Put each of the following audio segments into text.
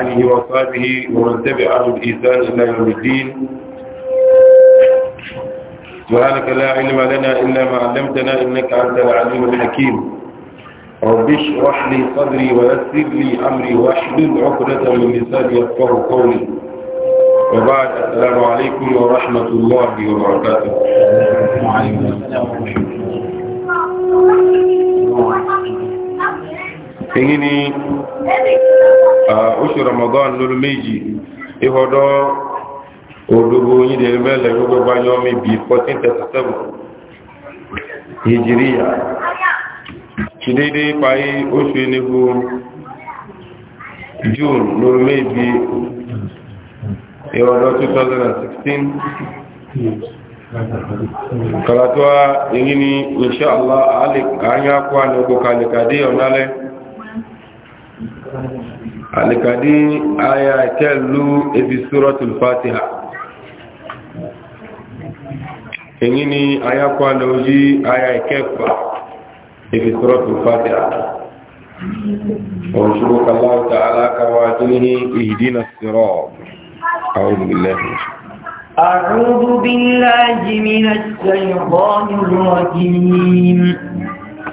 آله وصحبه ومن تبعه بإحسان إلى يوم الدين سبحانك لا علم لنا إلا ما علمتنا إنك أنت العليم الحكيم رب اشرح لي صدري ويسر لي أمري واحلل عقدة من لساني يفقه قولي وبعد السلام عليكم ورحمة الله وبركاته وعليكم السلام ورحمة الله Ah, oṣù ramadan lórí méjì ihọ́dọ́ òdòbò yíde mẹ́lẹ̀ gbogbo bá yọ́ mi bí 1437 hijiriya ṣìdédé parí oṣù enigbó june lórí méjì ihọ́dọ́ 2016 karatuwa yìí ni inṣáàlá àyàkwá ní ọkọ̀ kàlẹ̀kàdé ọ̀nálẹ́ alikadi aya kẹlu ebi suratul fatiha èyí ni aya kwalẹ oyi aya ìkẹfà ebi suratul fatiha ọ̀ṣùrù kàláwùtà alákàwà tí ní ìdínà sírọ̀ àwọn olùgbìlẹ̀ أعوذ بالله من الشيطان الرجيم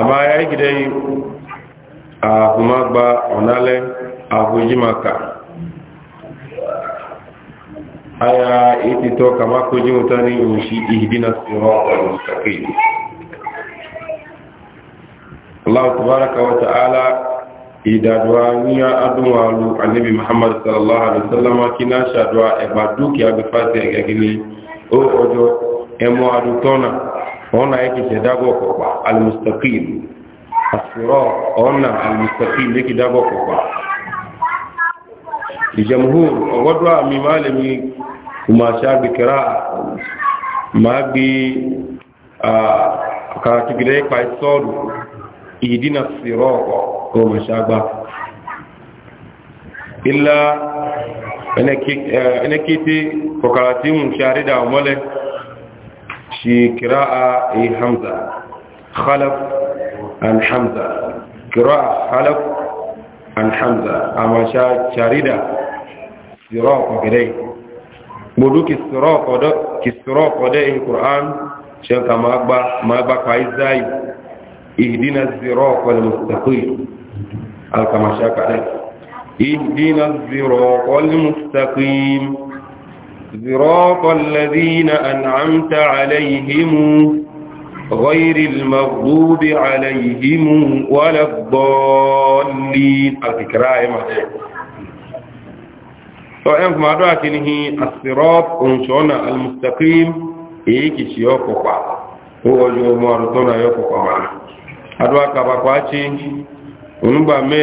amma ya yi gidai a kuma gba onale a maka aya itito kama koji mutane yushi ihdina sirata mustaqim Allah tabaraka wa ta'ala idadwa niya aduwa lu annabi Muhammad sallallahu alaihi wasallam kina shadwa e baduki abifati egini o ojo emo adutona ona yake ce dago ko ba al-mustaqim asira ona al-mustaqim yake dago ko ba ki jamhur wadwa mi malami kuma sha bi kira ma bi a ka ti gide pa sodu idina siroko ko ma illa ene ki ene kiti ko kala timu sharida mole شي قراءة أي حمزة خلف عن حمزة قراءة خلف عن حمزة أما شا شاردة صراط كده بدوك الصراط ده كالصراط ده القرآن شان كما اكبر ما أبا كايزاي اهدنا الصراط المستقيم الكما شاك عليه اهدنا الزراق المستقيم صراط الذين أنعمت عليهم غير المغضوب عليهم ولا الضالين الكرائم فأنك ما دعك الصراط انشونا المستقيم إيكي شيوكوكا هو جو مارتونا يوكوكا معنا أدعك بقواتي ونبا مي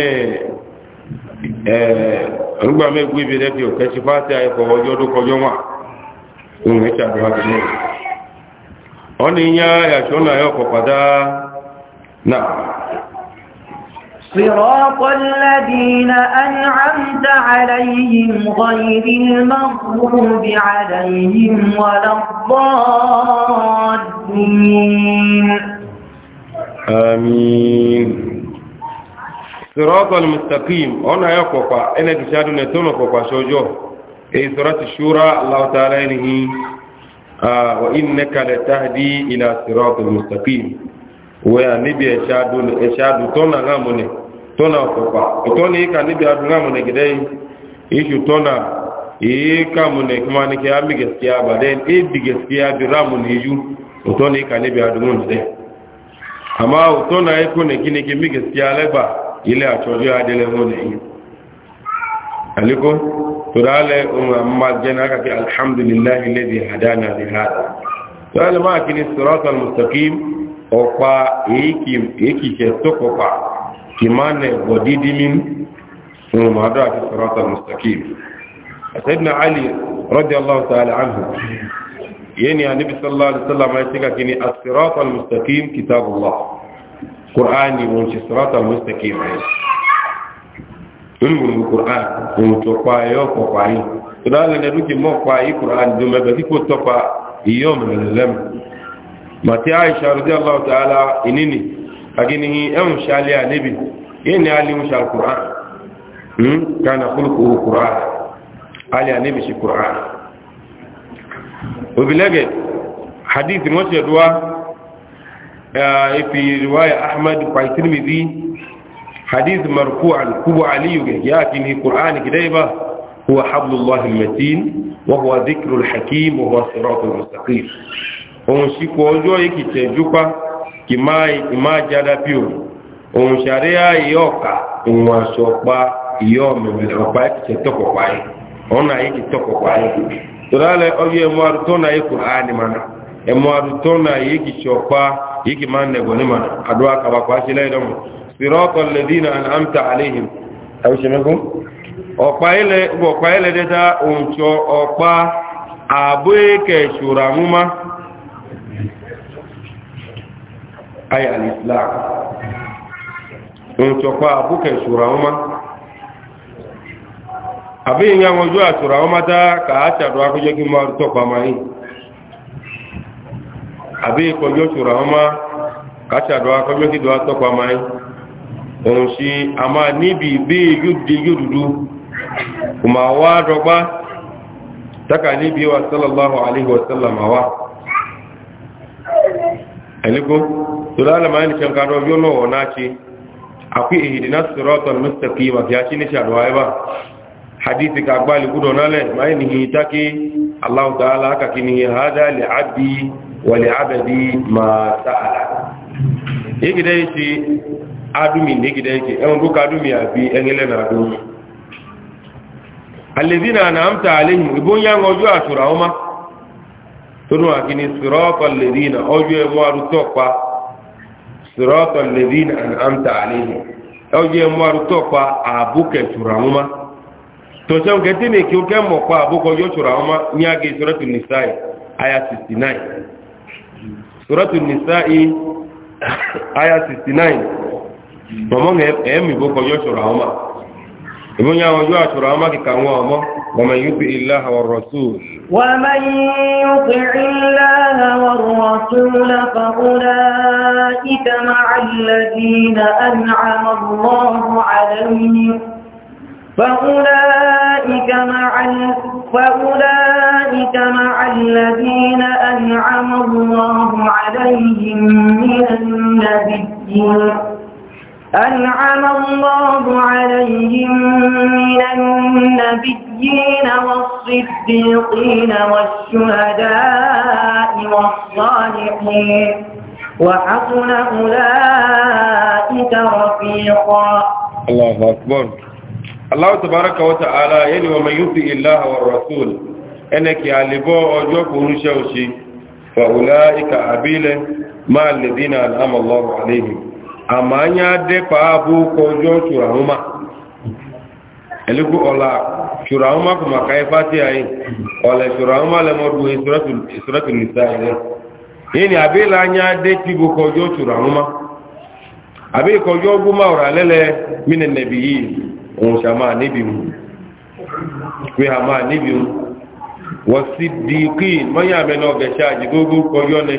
ọgbà mẹ́gbẹ́ ibi rẹ̀ bí ọ̀kẹ́ ṣe fáṣẹ́ ayẹ́kọ̀ ọjọ́ tó wà ohun ẹ̀ṣà tó wá tẹ́lẹ̀ ọ ni yá àṣọ́nà ayọ́kọ̀ padà náà صراط المستقيم هنا يقوى إن تشاهدوا نتون قوى شوجو أي صراط الشورى الله تعالى إنه آه وإنك لتهدي إلى صراط المستقيم ونبي يشاهدوا يشاهدوا تونا غاموني تونا قوى تونا إيكا نبي يشاهدوا غاموني كده إيشو تونا إيكا موني كما نكي أمي جسكيا بعدين إيدي جسكيا براموني يجو وتونا إيكا نبي يشاهدوا غاموني أما تونا إيكو نكي نكي مي جسكيا لبا ilé àtọ́jú adẹ́lẹ̀ wọn nìyí alikun turale umar ma jana kake alhamdulillah alladhi hadana li hada máa kí ni siratal mustaqim opa èyí eki eki ke tokopa kimane godidimin umar mi ohun siratal mustaqim sayyidina ali radiyallahu ta'ala anhu yani annabi sallallahu alaihi wasallam ya tika kini ni siratal mustaqim kìtàbùlá qur'ani won ci siratal mustaqim ay ulumul qur'an won to pa yo ko pa yi to da le du ki mo pa yi qur'an du me be ko to pa yom lem mati aisha radiyallahu ta'ala inini agini em shali anabi yene ali mu shal qur'an hmm kana khulqu qur'an ali anabi shi qur'an وبلاجئ حديث موسى دوا في رواية أحمد في ترمذي حديث مرفوعا كبو علي يأتي في قرآن كديبة هو حبل الله المتين وهو ذكر الحكيم وهو صراط المستقيم òun sì kò ọjọ́ yìí kì tẹ̀júpa kì máa jáda bí o òun ṣàríyá ìyọ́ ọ̀ka òun aṣọ ọ̀pá ìyọ́ mẹ̀mẹ̀lẹ̀ ọ̀pá yìí kì tẹ̀ tọkọ̀pá yìí ọ̀nà yìí kì tọkọ̀pá yìí tọ́lá lẹ ọyọ ẹ̀mú arútọ́nà yìí kò hánimánà ẹ̀mú arútọ́nà yìí kì ṣọ̀pá yiki man ne goni man adwa ka ba kwashi lai da mu siratal ladina an'amta alaihim aw shamakum o kwaile bo kwaile de ta uncho o pa abwe ke shuramuma ay al-islam uncho pa abwe ke shuramuma abin ya mojo a shuramuma ta ka acha do akujo ki ma to pa mai àbí ìkọjọ́ ṣùrọ̀ àwọn máa káṣàdọ̀ akọjọ́ kí dọ̀ atọ́kọ̀ àmà yìí òun ṣe a máa níbi ìbí yóòdé yóòdúdú kò máa wá dọ́gbá taka níbi wa sallallahu alaihi wa sallam wa ẹ̀lẹ́gbó tó lálàmà ní ṣe ń kàdọ̀ yóò náà wọ̀ náà ṣe àkú èhìdì náà sọ̀rọ̀ ọ̀tọ̀ hadithi ka gbali kudo nale mai ni hitaki Allah ta'ala aka kini hada li abdi wa li abadi ma ta'ala yiki dai ci adumi ne ki dai ci en duka adumi abi en ile na do alladhina an'amta alaihim ibun yang ojo asura uma tunu akini siratal ladina ojo e mo aru topa siratal ladina an'amta alaihim ojo e mo aru topa abuke sura uma tọ́jọ́ ń gẹ́tí ní kí ó kẹ́ mọ̀ pa àbúkọ yóò ṣòro àwọn ní agé ṣòrọ́tù nìsáì aya 69 ṣòrọ́tù nìsáì aya 69 mọ̀mọ́ ẹ̀ẹ́mì bókọ yóò ṣòro àwọn ìbúnyà wọn yóò ṣòro àwọn kíkà wọn ọmọ ومن يطع الله والرسول ومن يطع الله فأولئك مع فأولئك مع الذين أنعم الله عليهم من النبيين أنعم الله عليهم من النبيين والصديقين والشهداء والصالحين وحسن أولئك رفيقا الله أكبر Allah tabaraka wa ta'ala yani wa man yuti illaha war rasul eneki alibo ojo kun se o si fa ulaika abile ma alladhina an'ama Allahu alaihim amanya de pa bu ko jo turahuma eliku ola turahuma kuma kai fati ai ola turahuma le modu suratul suratul nisa òun ṣe a máa níbi mu pé a máa níbi mu wọ́n sì di kí mọ́yìn àmẹ́nà ọ̀gẹ̀ ṣáàjì gógó kọjọ́ ni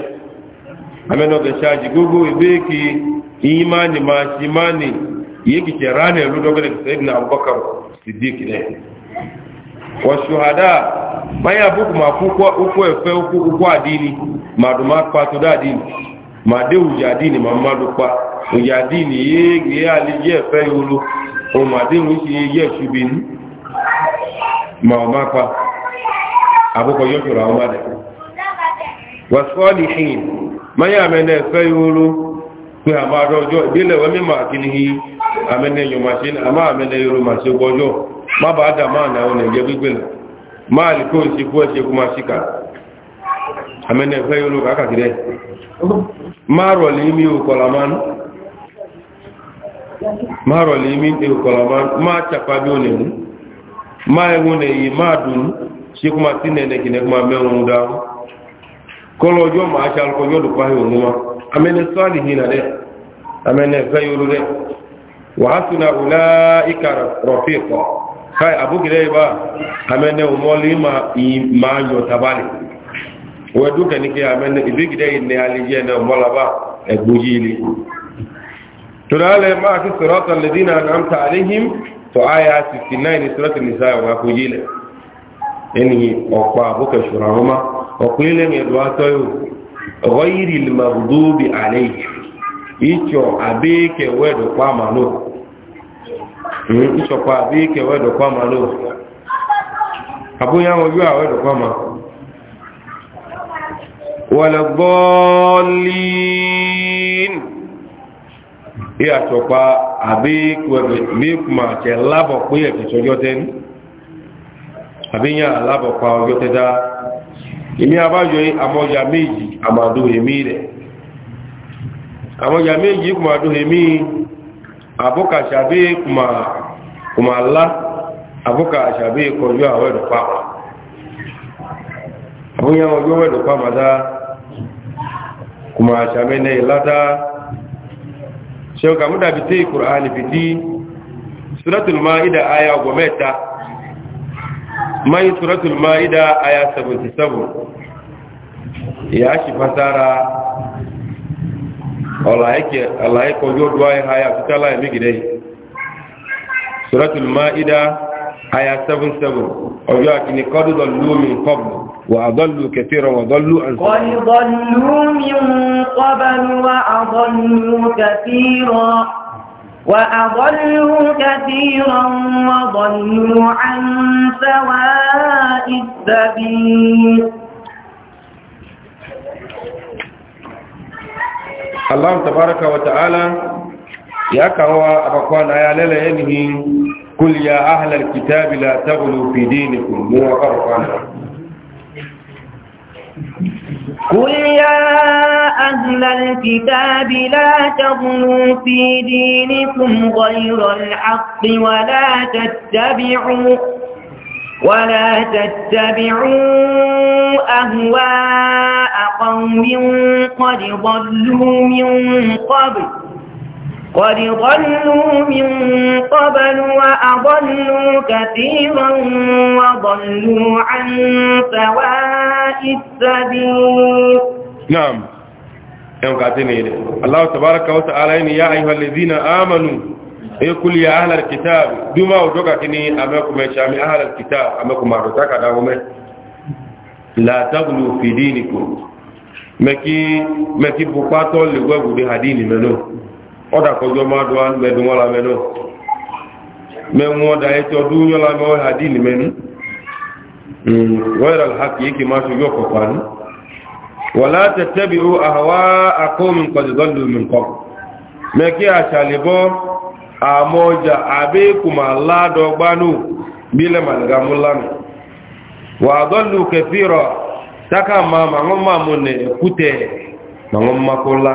àmẹ́nà ọ̀gẹ̀ ṣáàjì gógó ìwé kí iyin máa ní máa ṣe máa ní yìí kìí ṣe ránà ìlú dọ́gẹ́lẹ̀ sẹ́yìn àbúkọ́ sì di kìlẹ̀ wọ́n ṣùhádà mọ́yìn màmá ló pa òjàdínì yéé gbé àlejò ẹ̀fẹ́ yòó ohun àdéhùn ṣe yẹ́ ṣubí ní ma ọ máa pa àbúkọ yọ́jọ̀rọ̀ àwọn máa dẹ̀ wàsíwọ́lì ṣìn máyà mẹ́nẹ̀ fẹ́ yóró pé àmà àdọ́jọ́ ìdílẹ̀ wẹ́mí máa kí ní àmẹ́nẹ̀ yọ máa ṣe àmà àmẹ́nẹ̀ yóró máa ṣe gbọ́jọ́ má bàá dà máa nà ọ̀nà ìjẹ́ gbígbé máa lè kó ìṣe fún kó máa ṣìkà àmẹ́nẹ̀ fẹ́ yóró kákàkiri máa rọ̀lẹ̀ mi èrò kọ̀lọ̀mà máa chapa bí ó nẹ̀mú máa ẹ̀wọ̀n nẹ̀yẹ máa dùn ṣe kó máa tí nẹ̀nẹ̀kìnẹ̀ kó máa mẹ́rùn-ún dáhùn kọ́lọ̀ ọjọ́ máa ṣe alùpọ̀ yọ́ dùpá ìwọ̀n wọn amẹ́nẹ̀ sọ́ọ̀lì hìnà dẹ́ amẹ́nẹ̀ fẹ́ yorù dẹ́ wàá tún náà wùlá ìkà rọ̀fì kọ́ káì àbúkìrẹ́ yìí bá amẹ́nẹ̀ òmọ́lé máa yọ tabalẹ̀ wẹ́ẹ́dúkẹ́ ní kí amẹ́nẹ̀ ìbíkìrẹ́ tunale ma ki sirata alladhina an'amta alaihim to aya 69 sirata nisa wa ko yile eni opa buka shurahuma okulile mi dua toyu ghayril maghdubi alaihim icho abeke wedo kwa malo hmm, icho kwa abeke wedo kwa malo abuya oju awedo kwa malo wala dhalin ihe achọkwa abịghị kuma che labọ kpe ihe kẹsọ jọten abịghị labọ kwa ọjọ imi abájọ amọja amadu emi amọja méjì kuma emi abụka ṣàbí kuma abụka ṣàbí kọjú kuma ẹ̀dùpá abụghị àwọn ọjọ mada kuma ṣe ọkà múdà bí tí ìkùránì fi tí suratul ma'ida aya ọgbọ̀ mẹ́ta mayi suratul ma'ida aya 77 ya ṣi fasara ọ̀làíkọ̀ yóò dúwá ẹ̀ haya fi tálà ẹ̀mí gidẹ̀ suratul ma'ida aya 77 ọjọ́ àkíní kọ́dúdọ̀ lómi kọ́bù وأضلوا كثيرا وضلوا عن قل ضلوا من قبل وأضلوا كثيرا وأضلوا كثيرا وضلوا عن سواء السبيل الله تبارك وتعالى يا كوا أبقوان يا ليلة قل يا أهل الكتاب لا تغلوا في دينكم مو أبقوانا قل يا أهل الكتاب لا تغلوا في دينكم غير الحق ولا تتبعوا ولا تتبعوا أهواء قوم قد ضلوا من قبل قد ضلوا من قبل وأضلوا كثيرا وضلوا عن سواء السبيل نعم يوم كاتني الله تبارك وتعالى يا أيها الذين آمنوا يقول يا أهل الكتاب بما وجوك كني أمكم شامي أهل الكتاب أمكم أردتك دعوما لا تغلوا في دينكم مكي مكي بقاتل لغوه بهدين منه ọ̀dà kọjọ máa dọ́ mẹ́dùn wọn lámẹ́ náà mẹ́wọ́n ọ̀dà ẹ̀tọ́ ọdún yọ́ lámẹ́ wọ́n hà dìní mẹ́nu wọ́n yẹ̀rọ àkì yìí kì máa ṣojú ọkọ̀ pa ní wọ́n láti tẹ́bi ó àwa akóhùn kọ̀dùdọ́lù mi kọ́ mẹ́kí àṣàlẹ̀bọ́ àmọ́ ọjà àbẹ́kùmà ládọ́gbánú bílẹ̀ màlìgàmú lánàá wà dọ́lù kẹfì rọ̀ tákà máa màwọn máa mọ̀ nẹ̀ ẹ̀kútẹ̀ màwọn máa kó lá.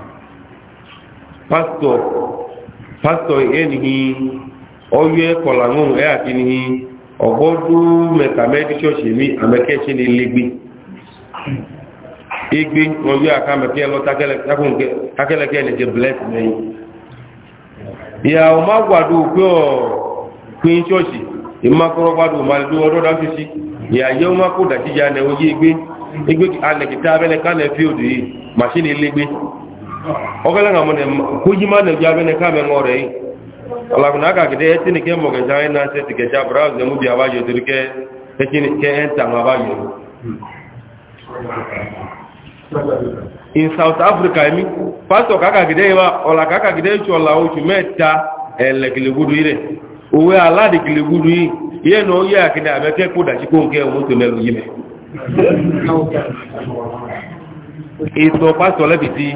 pásítọ̀ pásítọ̀ ẹnìhì ọyọ́ ẹ̀kọ́lá ń ẹ̀ àkínìhì ọ̀gbọ́dún mẹ̀tàmẹ́dì ṣọ́ọ̀ṣì mi àmẹ́kẹ́ṣẹ́ ni lẹ́gbẹ́ igbe ọyọ́ àkàmẹ́kẹ́ lọ tákẹ́lẹ́kẹ́ ẹnìjẹ́ bless mẹ́yìn ìyàwó má gbàdú pé ọ̀ pín ṣọ́ọ̀ṣì ìmákọ́rọ́ gbàdú màlúù ọdọ́ dá fífi ìyàyẹ́ má kó dàjíjà nẹ̀ oyé igbe igbe alẹ̀kìtà abẹ́lẹ́kánẹ̀ fíòdù yìí màṣínì lẹ́gbẹ́ okala nga mo ne kujima ne jabe ne kame ngore yi ala kuna ka kide eti ni ke mo ke jai na se ti ke ja browse ne mu bi abajo diri ke ke ni ke enta ma abajo in south africa mi pastor kaka kide wa ola kaka kide chu ola uchu meta ele kile gudu ile uwe ala de kile gudu yi ye no ye akide abeke kuda chi ko nke o to melu yime ìtọ̀ pásítọ̀ lẹ́bìtì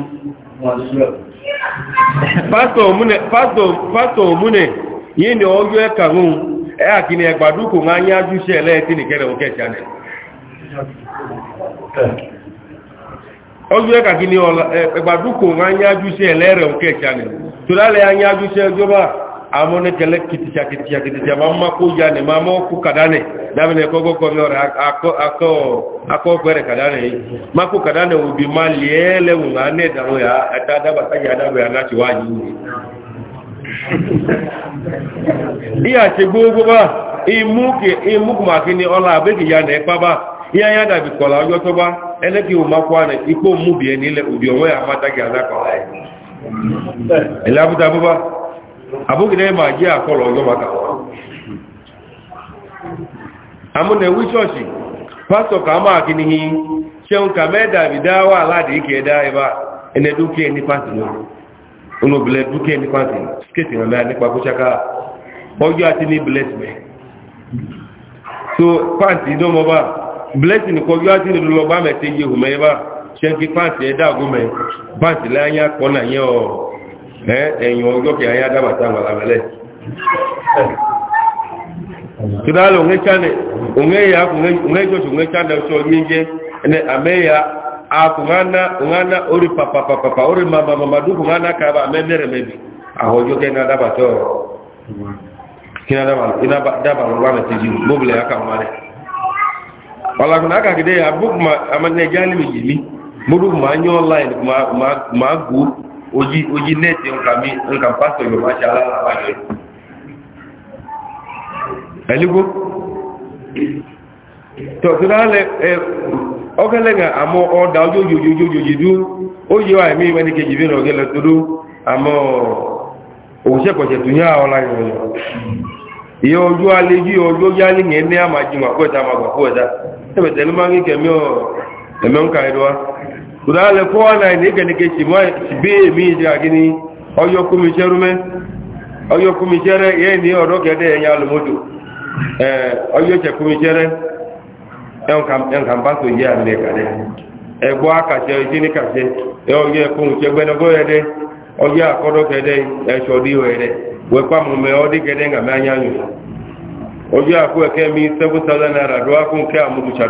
pastọ omune yi ni ọjọ́ ẹka ń ẹ̀kì ni ẹgbàdúkò ń ányá jú sí ẹlẹ́ẹ̀tí nìkẹrẹ òkè ìjànẹ̀ ọjọ ẹka kí ni ẹgbàdúkò ń ányá jú sí ẹlẹ́ẹ̀rẹ̀ òkè tó lálẹ́ ányá amone kele kiticha kiticha kiticha mama kuja ne mama ku kadane damene kogo ko yore ako ako ako kwere kadane maku kadane ubi mali ele ungane da ya atada bataja da ya nachi waji iya che gogo ba imuke imuku makini ola abeki ya ne baba iya ya da bi kola ojo to ba eleki o makwa ne ipo mu bi enile ubi owo ya mataja da kola ile abuta baba abụghị ma gị akọrọ ọzọ maka amụ na ewu chọọchị pastọ ka ama gị n'ihi cheun ka mee ala dị ike daa ebe a ndị duke ndị sketi na mee ọjọ ni so pantị idomọba blesing ka ọjọ ati mete ihe ihu ebe a cheun ki ede agụme pantị lee anya kpọ na nye ẹ̀yìn ọjọ́ kí ayé adábàtà wà lábẹ́lẹ̀ kìdálò ń ẹ̀chánẹ̀ òun ẹ̀yà òun ẹ̀jọ́sù ń ẹ̀chánẹ̀ ọ̀ṣọ́ yé jẹ́ ẹni àmẹ́yà akùnhánà òhánà orí pàpàpàpà orí mamamamadu òhánà kaba àmẹ́mẹ́rẹ̀ mẹ́bi àwọn ọjọ́ kí adábàtà ọ̀rọ̀ kí adábàtà wà mẹ́tẹ́ jù gbóbulẹ̀ akàwọn ọ̀làkùnà akàkìdẹ́ yà bókùnmá amẹ́nẹ́jà oji oji nẹ́ẹ̀tì nkàmí nkà pásítọ̀ yorùbá ṣe aláàbá yọ ẹ̀lúgbó tọ̀tùnálẹ̀ ẹ ọkẹ́lẹ́gà àmọ́ ọ̀dà ojójojojojoji dúró ó yíwa ẹ̀mí ìwẹ́ni kejì bí ọ̀gẹ́lẹ̀ tó dó àmọ́ òṣèkọ̀ṣẹ̀ tó yá ọlá yọ̀yọ̀ ìyẹ́ ojú alẹ́jú ọjọ́ yálì ní ẹ̀mí àmàjùmọ̀ àpọ̀ẹ̀ta àmàgbàpọ̀ẹ̀ta ẹ̀bẹ̀tẹ̀lú máa ń kẹ́mí ọ̀ ẹ̀mẹ́ ń ka ẹ̀dọ́ wa tụda le fọwa na ne gani ke ci ma ci be mi ji agini oyo kumi cherume oyo kumi chere ye ni odo ke de ya lu modu eh oyo che kumi chere en kam en kam ba so ye ale ka de e gbo aka che ji ni ka se e oyo che gbe go ye de oyo ke de e so di we pa me odi ke de nga anya yu oyo aku e ke mi do cha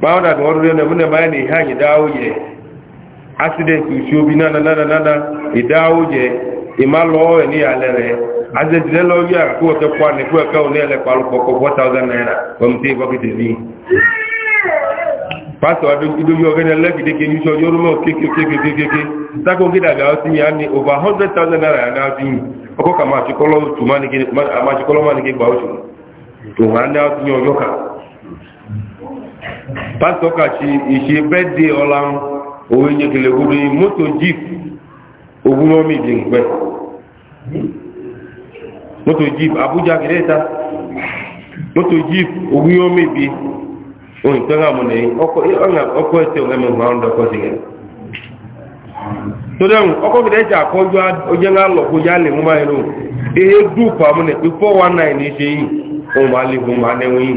báwọn dàgbà ọdún rẹ̀ nàbúnà báyìí ní ìhà ìdáwó yẹ accident ìṣú obi náà náà náà ìdáwó yẹ ìmá lọ́wọ́ ẹ̀ ní alẹ́ rẹ̀ azẹ̀tìlẹ́ lọ yí àkókò ọ̀kẹ́ pọ̀ àníkú ẹ̀kẹ́ òní ẹ̀lẹ́ palùpọ̀pọ̀ four thousand naira ọmọdé bọ́kìtì ní. pásítọ̀ adójú ọ̀gẹ́ ní ẹlẹ́gìdéke ní sọ yọrọ mọ́ kékékékékéké sákò kí dàgbà ọtí yá ní over hundred thousand naira yá náà fi yìn ọkọ̀ kà máa ṣe kọ́lọ́ pásítọ̀ kàtsi ìṣe bẹ́ẹ̀ dé ọ̀la òwe nyekele gbogbo yìí mọ́tò jeep ogun ọmọ ìdí nǹpẹ́ jeep abuja kìrẹ́ta mọ́tò jeep ogun ọmọ ìbí òun ìpẹ́ ńlá mọ̀ nẹ́yìn ọkọ̀ ẹ̀tẹ̀ ọ̀gá mẹ́rin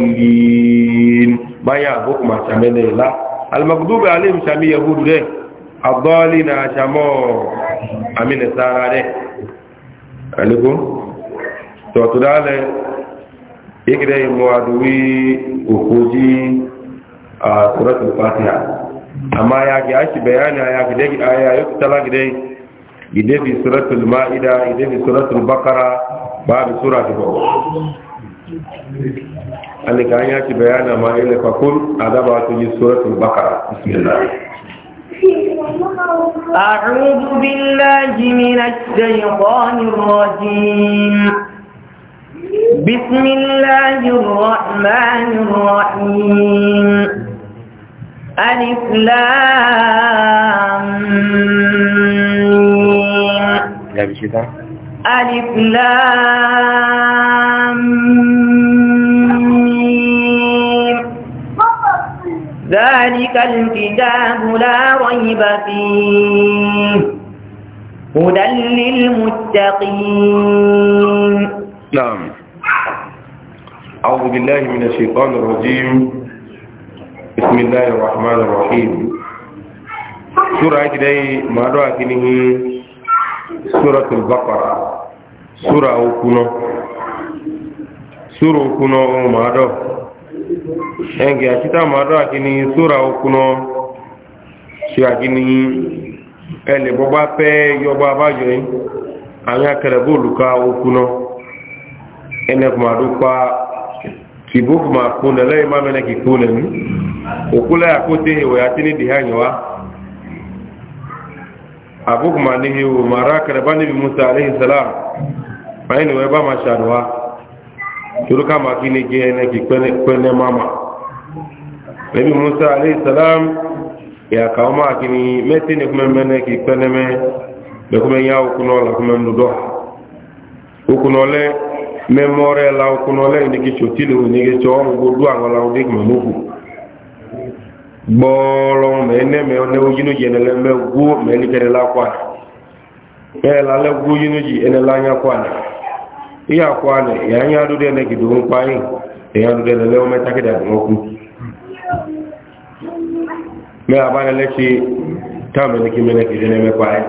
الضالين بايا ما شامل لا المغضوب عليهم شامي يهود ده الضالين شامو امين سارا ده عليكم تو تداله يكده موادوي وخوجي سورة الفاتحة أما ياكي عشي بياني ياكي دي آية يكتلاك دي يدي في سورة المائدة يدي في سورة البقرة باب سورة البقرة أن كان يأتي بيانا ما إلي فكل أدبات في سورة البقرة بسم الله أعوذ بالله من الشيطان الرجيم بسم الله الرحمن الرحيم ألف لام ألف لام ذلك الكتاب لا ريب فيه هدى للمتقين نعم أعوذ بالله من الشيطان الرجيم بسم الله الرحمن الرحيم سورة كده ما دعا سورة البقرة سورة أوكونا سورة أوكونا ما دعا ẹ̀ǹgẹ̀ a màdọ́ àkíní sóra okùnà ṣe àkíní ẹlẹ̀ bọ́bá pẹ́ yọba yọgba yìí àwọn akẹrẹ̀bọ́ olùka okùnà ẹnẹkùnmàdó pa tìbókùnmà kúnlẹ̀ lẹ́yìn má mẹ́lẹ̀ kúnlẹ̀ ní òkúlẹ̀ àkóté ìwẹ̀ àti ní dìhányọ́wá àbókùnmà níhi ò màrá níbi musa aleyhisselam báyìí ni wọ́n bá máa ṣàdùwá turuka ma kini gene ki kwene mama nabi musa alayhi salam ya kawo ma kini meti ne kuma mene ki kwene me da kuma ya ukuno la kuma nudo ukuno le memore la ukuno le ni ki chotilu ni ki cho gudu ango la udik mamuku gbọ́ọ̀lọ́ mẹ́ẹ̀nẹ́ mẹ́ọ̀nẹ́ ojínú jẹ́ ẹ̀nẹ́lẹ́ mẹ́gbó mẹ́ẹ̀lẹ́kẹ́rẹ́lá kwà ẹ̀ẹ́lẹ́lẹ́gbó ojínú jẹ́ ẹ̀nẹ́lá nyá kwà náà iya kwane ya yi adu da nake domin kwayin da ya adu da da moku mai a bane lake ta mai nake mai nake jane mai kwayin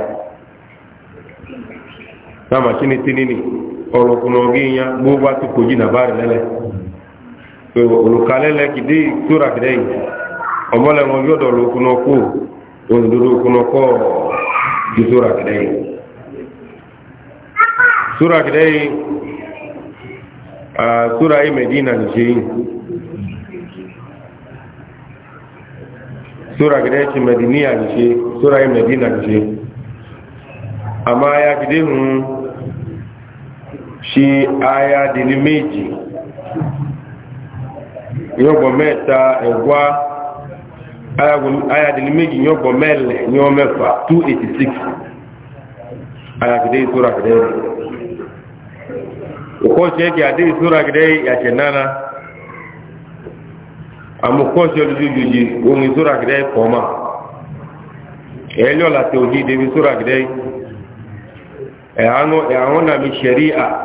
sama shi ne tinini ọlọkùnrin ogin ya gbogbo ati koji na bari lẹlẹ olùkalẹ lẹki dé tóra kìdẹ yìí ọmọlẹ wọn yọdọ olùkùnrin ọkọ òdodo olùkùnrin ọkọ ju tóra kìdẹ sura yi medina ni ṣe yìí sura gidẹ ṣe mediniya ni ṣe sura yi medina ni ṣe amma ya gidẹ hun ṣe aya dini méjì yọgbọ mẹta ẹgwa e aya dini méjì yọgbọ mẹlẹ yọ mẹfa 286 aya gidẹ sura gidẹ ukosi yake hadithi sura kidai ya chenana amukosi olujujuji ungi sura kidai koma elio la teuhidi bi sura kidai eano e na mi sharia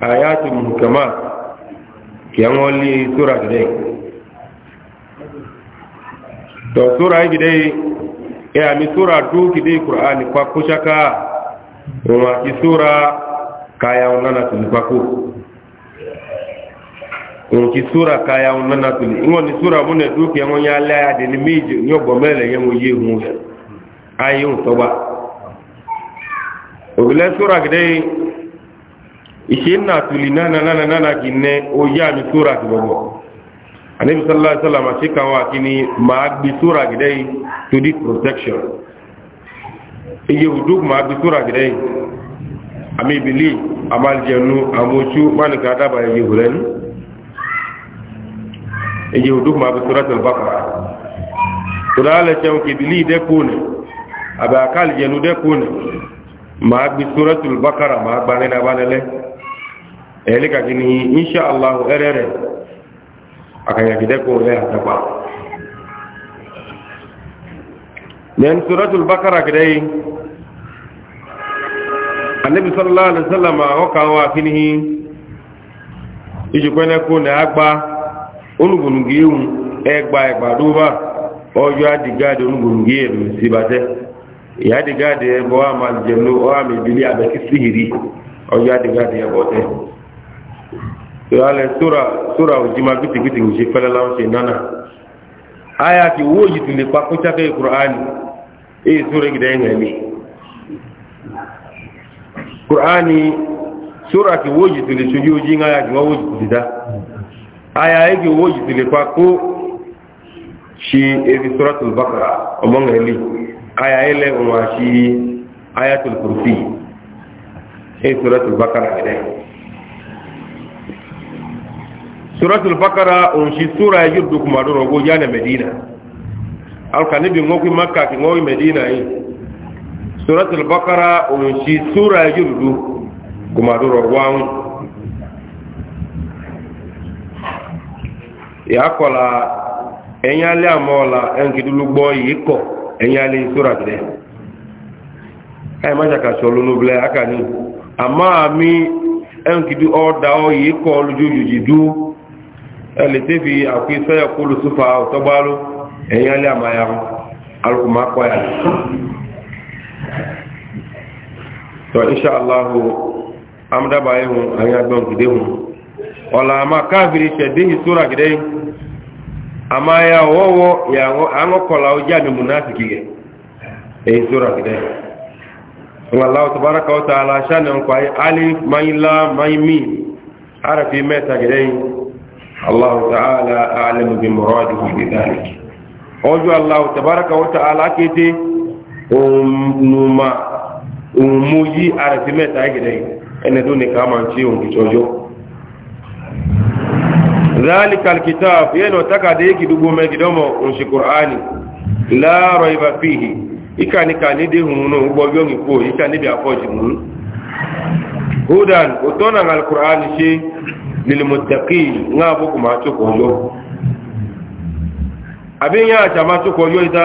ayatu muhkamat kiangoli sura kidai to sura kidai e ya mi sura tu kidai kwa kushaka wa kisura kayaw nana tuli pako nti sura kayaw nana tuli ngoni sura mune duke ngo nyala ya de miji nyobo mele yengo yehu ayi untoba obile sura gide ishinna tuli nana nana nana kinne o ya mi sura kibobo anabi sallallahu alaihi wasallam ashika wa kini maagbi sura gide to di protection iye uduk maagbi sura gide àmì ìbílẹ̀ àmàlìjẹnu àmójú mánìkà dábà ẹ̀yẹ òhùrẹ́ ní ẹ̀yẹ òdókùnmá bí sọ́dọ̀tẹ̀lẹ̀ bákàrà tọ́lálẹ̀jẹun kìbílẹ̀ dẹ́kùnì àbẹ̀ àkàlìjẹnu dẹ́kùnì máa gbé sọ́dọ̀tẹ̀lẹ̀ bákàrà máa gbanilẹ̀ abánilẹ̀ ẹ̀ẹ́lẹ́ kàkiri inṣà aláhùn ẹ̀rẹ́ rẹ̀ àkànyàkì dẹ́kùnì rẹ̀ àtàkpà nẹ́ni sọ́dọ̀tẹ̀lẹ̀ bákàrà kìdẹ́yìn anabi sallallahu alaihi wasallam awoka wa kinihi ijukwene ko na agba onugunungi ewu egba egba duba ojo adigade onugunungi ewu sibate ya adigade ebo ama jenu o ama ibili abeki sihiri ojo adigade ebote yale sura sura ojima biti biti nje fele la nse nana aya ki woji tin le pa ko chake qur'ani e sura gidenge ni qur'ani sura ki woji tuli sujuji nga ya ki woji tida aya ki woji tuli kwa ko shi evi suratul baqara omonga eli aya ele wa shi ayatul kursi e suratul baqara ede suratul baqara on shi sura yurdu kuma do rogo medina alkanibi ngoku makka ki medina yi suratul bakara òun ṣi súra yorùdú kòmàdúrọ̀ wáhùn ìyákọ̀lá ẹ̀yìn alẹ́ àmọ́ọ̀lá ẹnkìdúlúgbọ́ yìí kọ̀ ẹ̀yìn alẹ́ súra tẹ̀ ẹ̀ má ṣàkàṣọ lónúbilẹ̀ akàní àmọ́ àmì ẹnkìdú ọ̀dà ọ yìí kọ̀ lójújùjì dú ẹ̀ lè to insha Allah am da anya mu an ya don gide mu wala ma kafiri ce dihi sura gide Ama ya wowo ya an ko lawo jami munafiki ge e sura gide wallahu tabaraka wa ta'ala shanan ko ay alif may la may mim arafi meta gide Allah ta'ala a'lamu bi muradihi bi dhalik ojo Allah tabaraka wa ala kete um numa òun mú yí àrẹ̀sí mẹ́ta ẹgẹ̀dẹ̀ ẹni tó ní ká máa tí òun ìṣọ́jọ́ zalikal kitab yẹn náà takàdé yìí kìdúgbò mẹ́gidọ́mọ̀ òun ṣe kùránì láàrọ̀ ibà fìhì ìkànnìkà nídé hùn náà gbọ́jọ́ ìpò ìkà níbi àfọ́jì mú hudan òtọ́nà alkùránì ṣe lilmùtàkì ní àbúkù máa tó kọjọ́ àbíyàn àṣà máa tó kọjọ́ ìta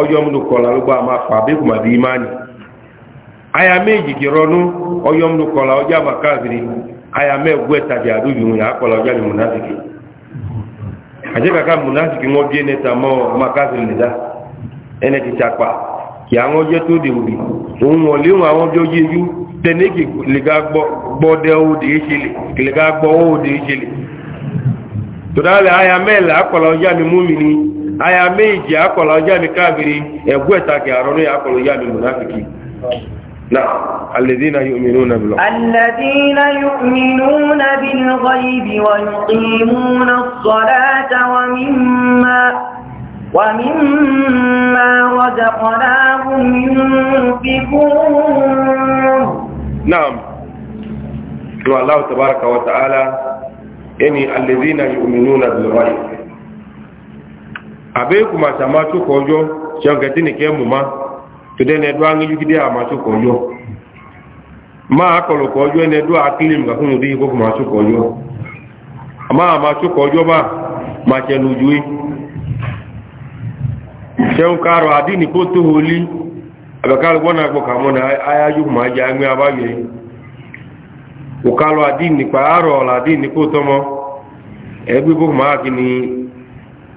ọjọ́ mú kọlá ló gbá máa fà bí kò máa bí imáni aya méjì kìrọ́nú ọjọ́ mú adu ọjọ́ àmà aya mẹ́gbẹ́ tàbí àdúgbò ìwọ̀n yà kọlá ọjọ́ àmì múnáfìkì àti kàkà múnáfìkì wọn bí ẹnẹta mọ́ nìdá ti kì àwọn ọjọ́ tó dé òbí òun wọ̀n àwọn ọjọ́ yíyú òde gbọ́ aya méjì akọ̀lá ọjọ́ mi káàkiri ẹ̀gbú ẹ̀tàkì àrọ́nú akọ̀lá ọjọ́ mi mùnáfíkì náà alẹ́dínà yóò mìnú na bìlọ. alẹ́dínà yóò mìnú na bìlọ ibi wà yìí múná sọ́dáta wà mímá ومما رزقناهم ينفقون نعم الله تبارك وتعالى إني الذين يؤمنون بالغيب abe kuma ta ma to kojo shan ga tini ke mu ma to de ne do an yu gidi ma to kojo ma akolo kojo ne do aklim ga kun di ko ma to ama ma to ba ma che lu juwi shan karo adini ko na aya yu ma ja ngi abaye o kalo adini pa mo egbe ko ma kini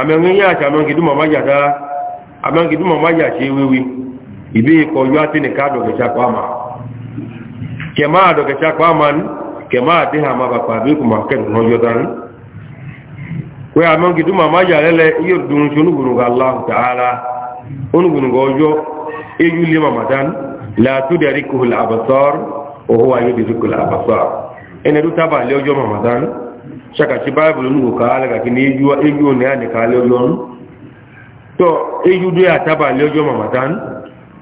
àmẹ́rin yá àti àmẹ́rin kìdúmọ̀ má jà dáa àmẹ́rin kìdúmọ̀ má jà ṣe wíwí ìbí ikọ̀ yóò á ti nìka àdọ̀kẹ̀ṣà pa àmà kẹ̀má àdọ̀kẹ̀ṣà pa àmà ní kẹ̀má àdéhà má bàbà àbí kùmà kẹ́dùn ọjọ́ dání pé àmẹ́rin kìdúmọ̀ má jà ẹni ẹdún tábà lé ọjọ́ màmá sakaci bible nu ka ala kini eju eju ne ani ka le yon to eju de ataba le ojo mama tan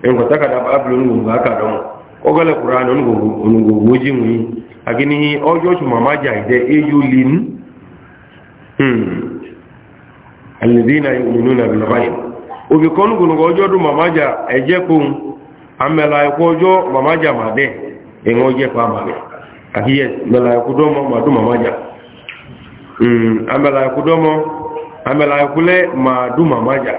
en ko taka da bible nu ga ka don o gele qur'an nu go nu go agini ojo chu mama ja ide eju lin hmm alladhina yu'minuna bil ghaib o bi kon go go ojo du mama eje ko amela ko ojo mama ja ma de en oje pa ma akiye mela ko do mama du Mm, amela kudomo amela kule ma duma maja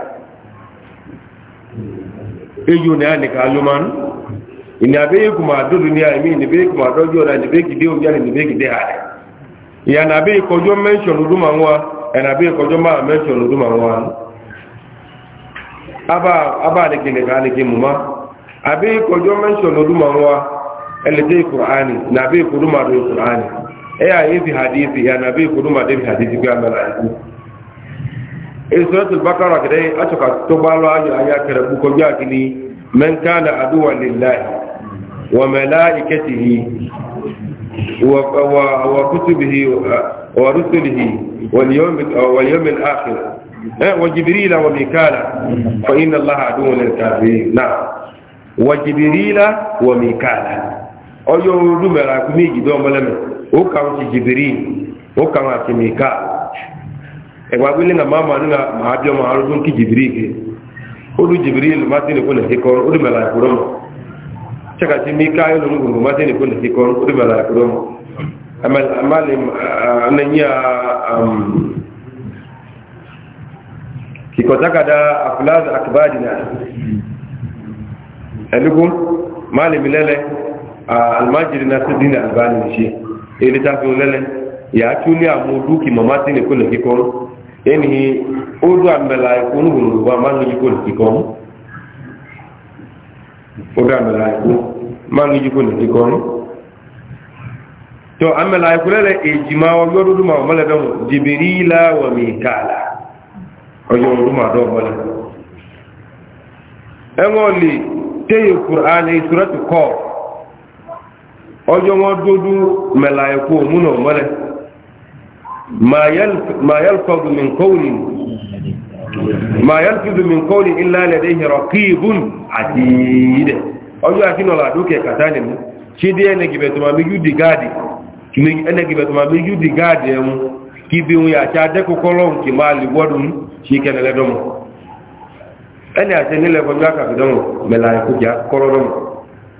eju ne ani kaluman ini abe ni be ku ma do jo na ni be ki de o ja ni be ki de ade ya na be ko jo mention duma nwa e na be ko jo ma aba aba de kile ka ni ki muma abe ko jo qur'ani na be ku qur'ani ايه ايه في حديثي يا نبي كل ما دي حديثي بيان ملائكه ايه سوره البقره كده اتوقع تبالوا اي ايا كربو كو جاكني من كان عدوا لله وملائكته وكتبه ورسله واليوم واليوم الاخر وجبريل وميكال فان الله عدو للكافرين نعم وجبريل وميكال ọjọ́ orúdúmẹ̀rà kú méjì dán mọ́lẹ́mẹ̀ o kan ti jibiri o kan ati mika ẹgbà wílé na máa nínú màá bí ọmọ arúgbó kí jibiri ke ó lu jibiri ló má tẹ́lẹ̀ fún ẹ̀kọ́ ó lè mẹ́la ẹ̀kọ́ mọ́ ṣẹ́ka ti mika yóò lóun gbogbo má tẹ́lẹ̀ fún ẹ̀kọ́ ó lè mẹ́la ẹ̀kọ́ mọ́ amálẹ̀ anẹ́yìn kíkọ̀tákàdá afúláàdì akíbáàdì náà ẹ̀lúgbó má lè mi lẹ́lẹ̀ almajiri na sí dín albani ṣe eri tafi olele ya tuli amu duki mama tini kule kikono eni odu amela ikunu hulu wa manu jikule kikono odu amela ikunu manu jikule kikono to amela ikulele ejima wa yodudu ma omele domo jibirila la mikala oyodudu oh, ma do omele engo li teye qur'an e eh, suratu qaf ọjọ́ wọn dúdú mẹ́la ẹ̀kọ́ múnà mọ́lẹ̀ ma yálfọ́dù min kọ́wùlì ilá lẹ́dẹ̀ ìhẹ̀rọ kíìbùn àti ìdẹ̀ ọjọ́ akínọ̀lá dókẹ̀ kàtà nì ṣí dé ẹnẹgìbẹ̀tọ̀mà méjì dì gáàdì ẹmu kí bí wọn yàtí adẹ́kọ̀kọ́lọ́ kì máa lè wọ́dùn ṣí kẹ́nẹ̀lẹ́dọ́mọ̀ ẹni àti ẹnilẹ̀kọ̀ọ́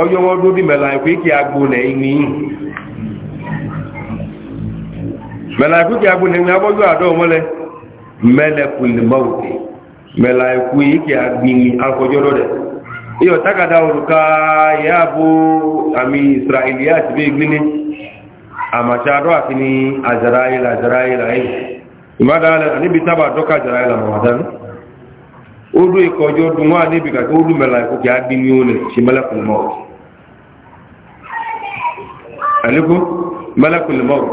ọjọ́ wọ́n dó bí mẹ́láìkú kí agbó nẹ̀yìn mẹ́láìkú kí agbó nẹ̀yìn abọ́jú àdọ́ mọ́lẹ̀ mẹ́lẹ̀kù ìlúmọ́wòtí mẹ́láìkú kí agbìnrin alkọjọ́ lọ́dẹ̀ iyọ̀ tákàdá òrùka yáàbò àmì israeli àti bí gbíní àmàṣà àdọ́ àti ní azaraila azaraila yìí ìmádàálẹ̀ níbi tábà dọ́kà azaraila mọ̀wádánú ó dó ìkọjọ́ dùn wá níbi kàkó ó mẹ́láìkú kí agbìnrin ó lẹ̀ ṣe mẹ́lẹ̀kù ìlúmọ́wòtí àníkú mẹ́lẹ́kùnlẹ́mọ́rù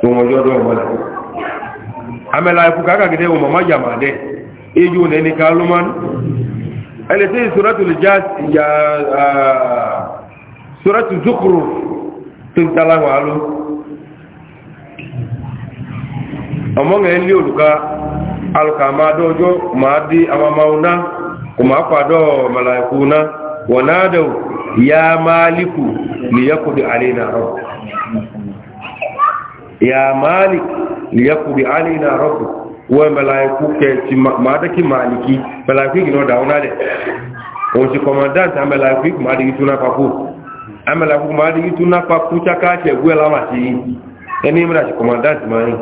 tó wọ́n jọ́dọ̀ ọmọdé amẹ́lá ikú kàkàkìdé wọn mọ̀má yàmàdé ijú nẹni ká ló máa ń ẹlẹ́ tí ìsúrẹ́tù lè já ìsúrẹ́tù zúkúrù tó ń taláwà ló ọmọ́ngẹ̀ ilé olùká alùkà máa dọ́jọ́ máa dí àwọn ọmọ ọ̀nà kò máa pàdọ́ mẹ́lá ikú náà wọ̀n náà dẹ̀wò ya maliku liyaqdi alaina rabb ya malik liyaqdi alaina rabb wa malaiku ke ti ma da ki maliki malaiku gino da ona de o ti commandant am malaiku ma de tuna papu am malaiku ma de tuna papu ta ka che gwe la ma ti eni mra ti commandant ma ni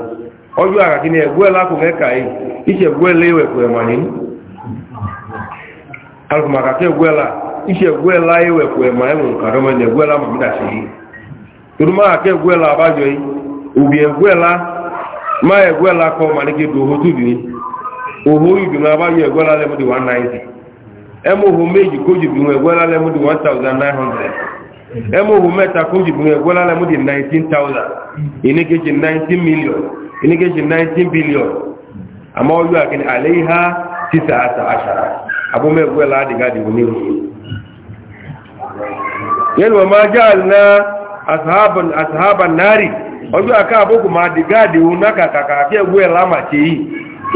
oju ara kini egwe la ko meka yi ise egwe lewe ko e ma ni alko ma ka la iṣẹ́ ẹ̀gbẹ́lá ìwẹ̀kù ẹ̀mà ẹ̀wọ̀n kàdọ́mọ́ni ẹ̀gbẹ́lá mọ̀mọ́dà ṣe yìí toruma ake ẹ̀gbẹ́lá abájọ yìí òbí ẹ̀gbẹ́lá má ẹ̀gbẹ́lá kọ́ màníkè do tóbi lẹ́mú di one ninety ẹ̀mú owó méjì kójú bí ẹ̀gbẹ́lá lẹ́mú di one thousand nine hundred ẹ̀mú owó mẹ́ta kójú bí ẹ̀gbẹ́lá lẹ́mú di nineteen thousand ìníkejì nineteen million ìníkejì nineteen billion àmọ́ àkínní títà yẹnu ọmọ ajá àlùná àsàhábà nárì ọjọ́ àká àbókù máa dì gáàdì òun náà kàkàkà àti ẹgbẹ́ ẹ̀ lámà ṣe yìí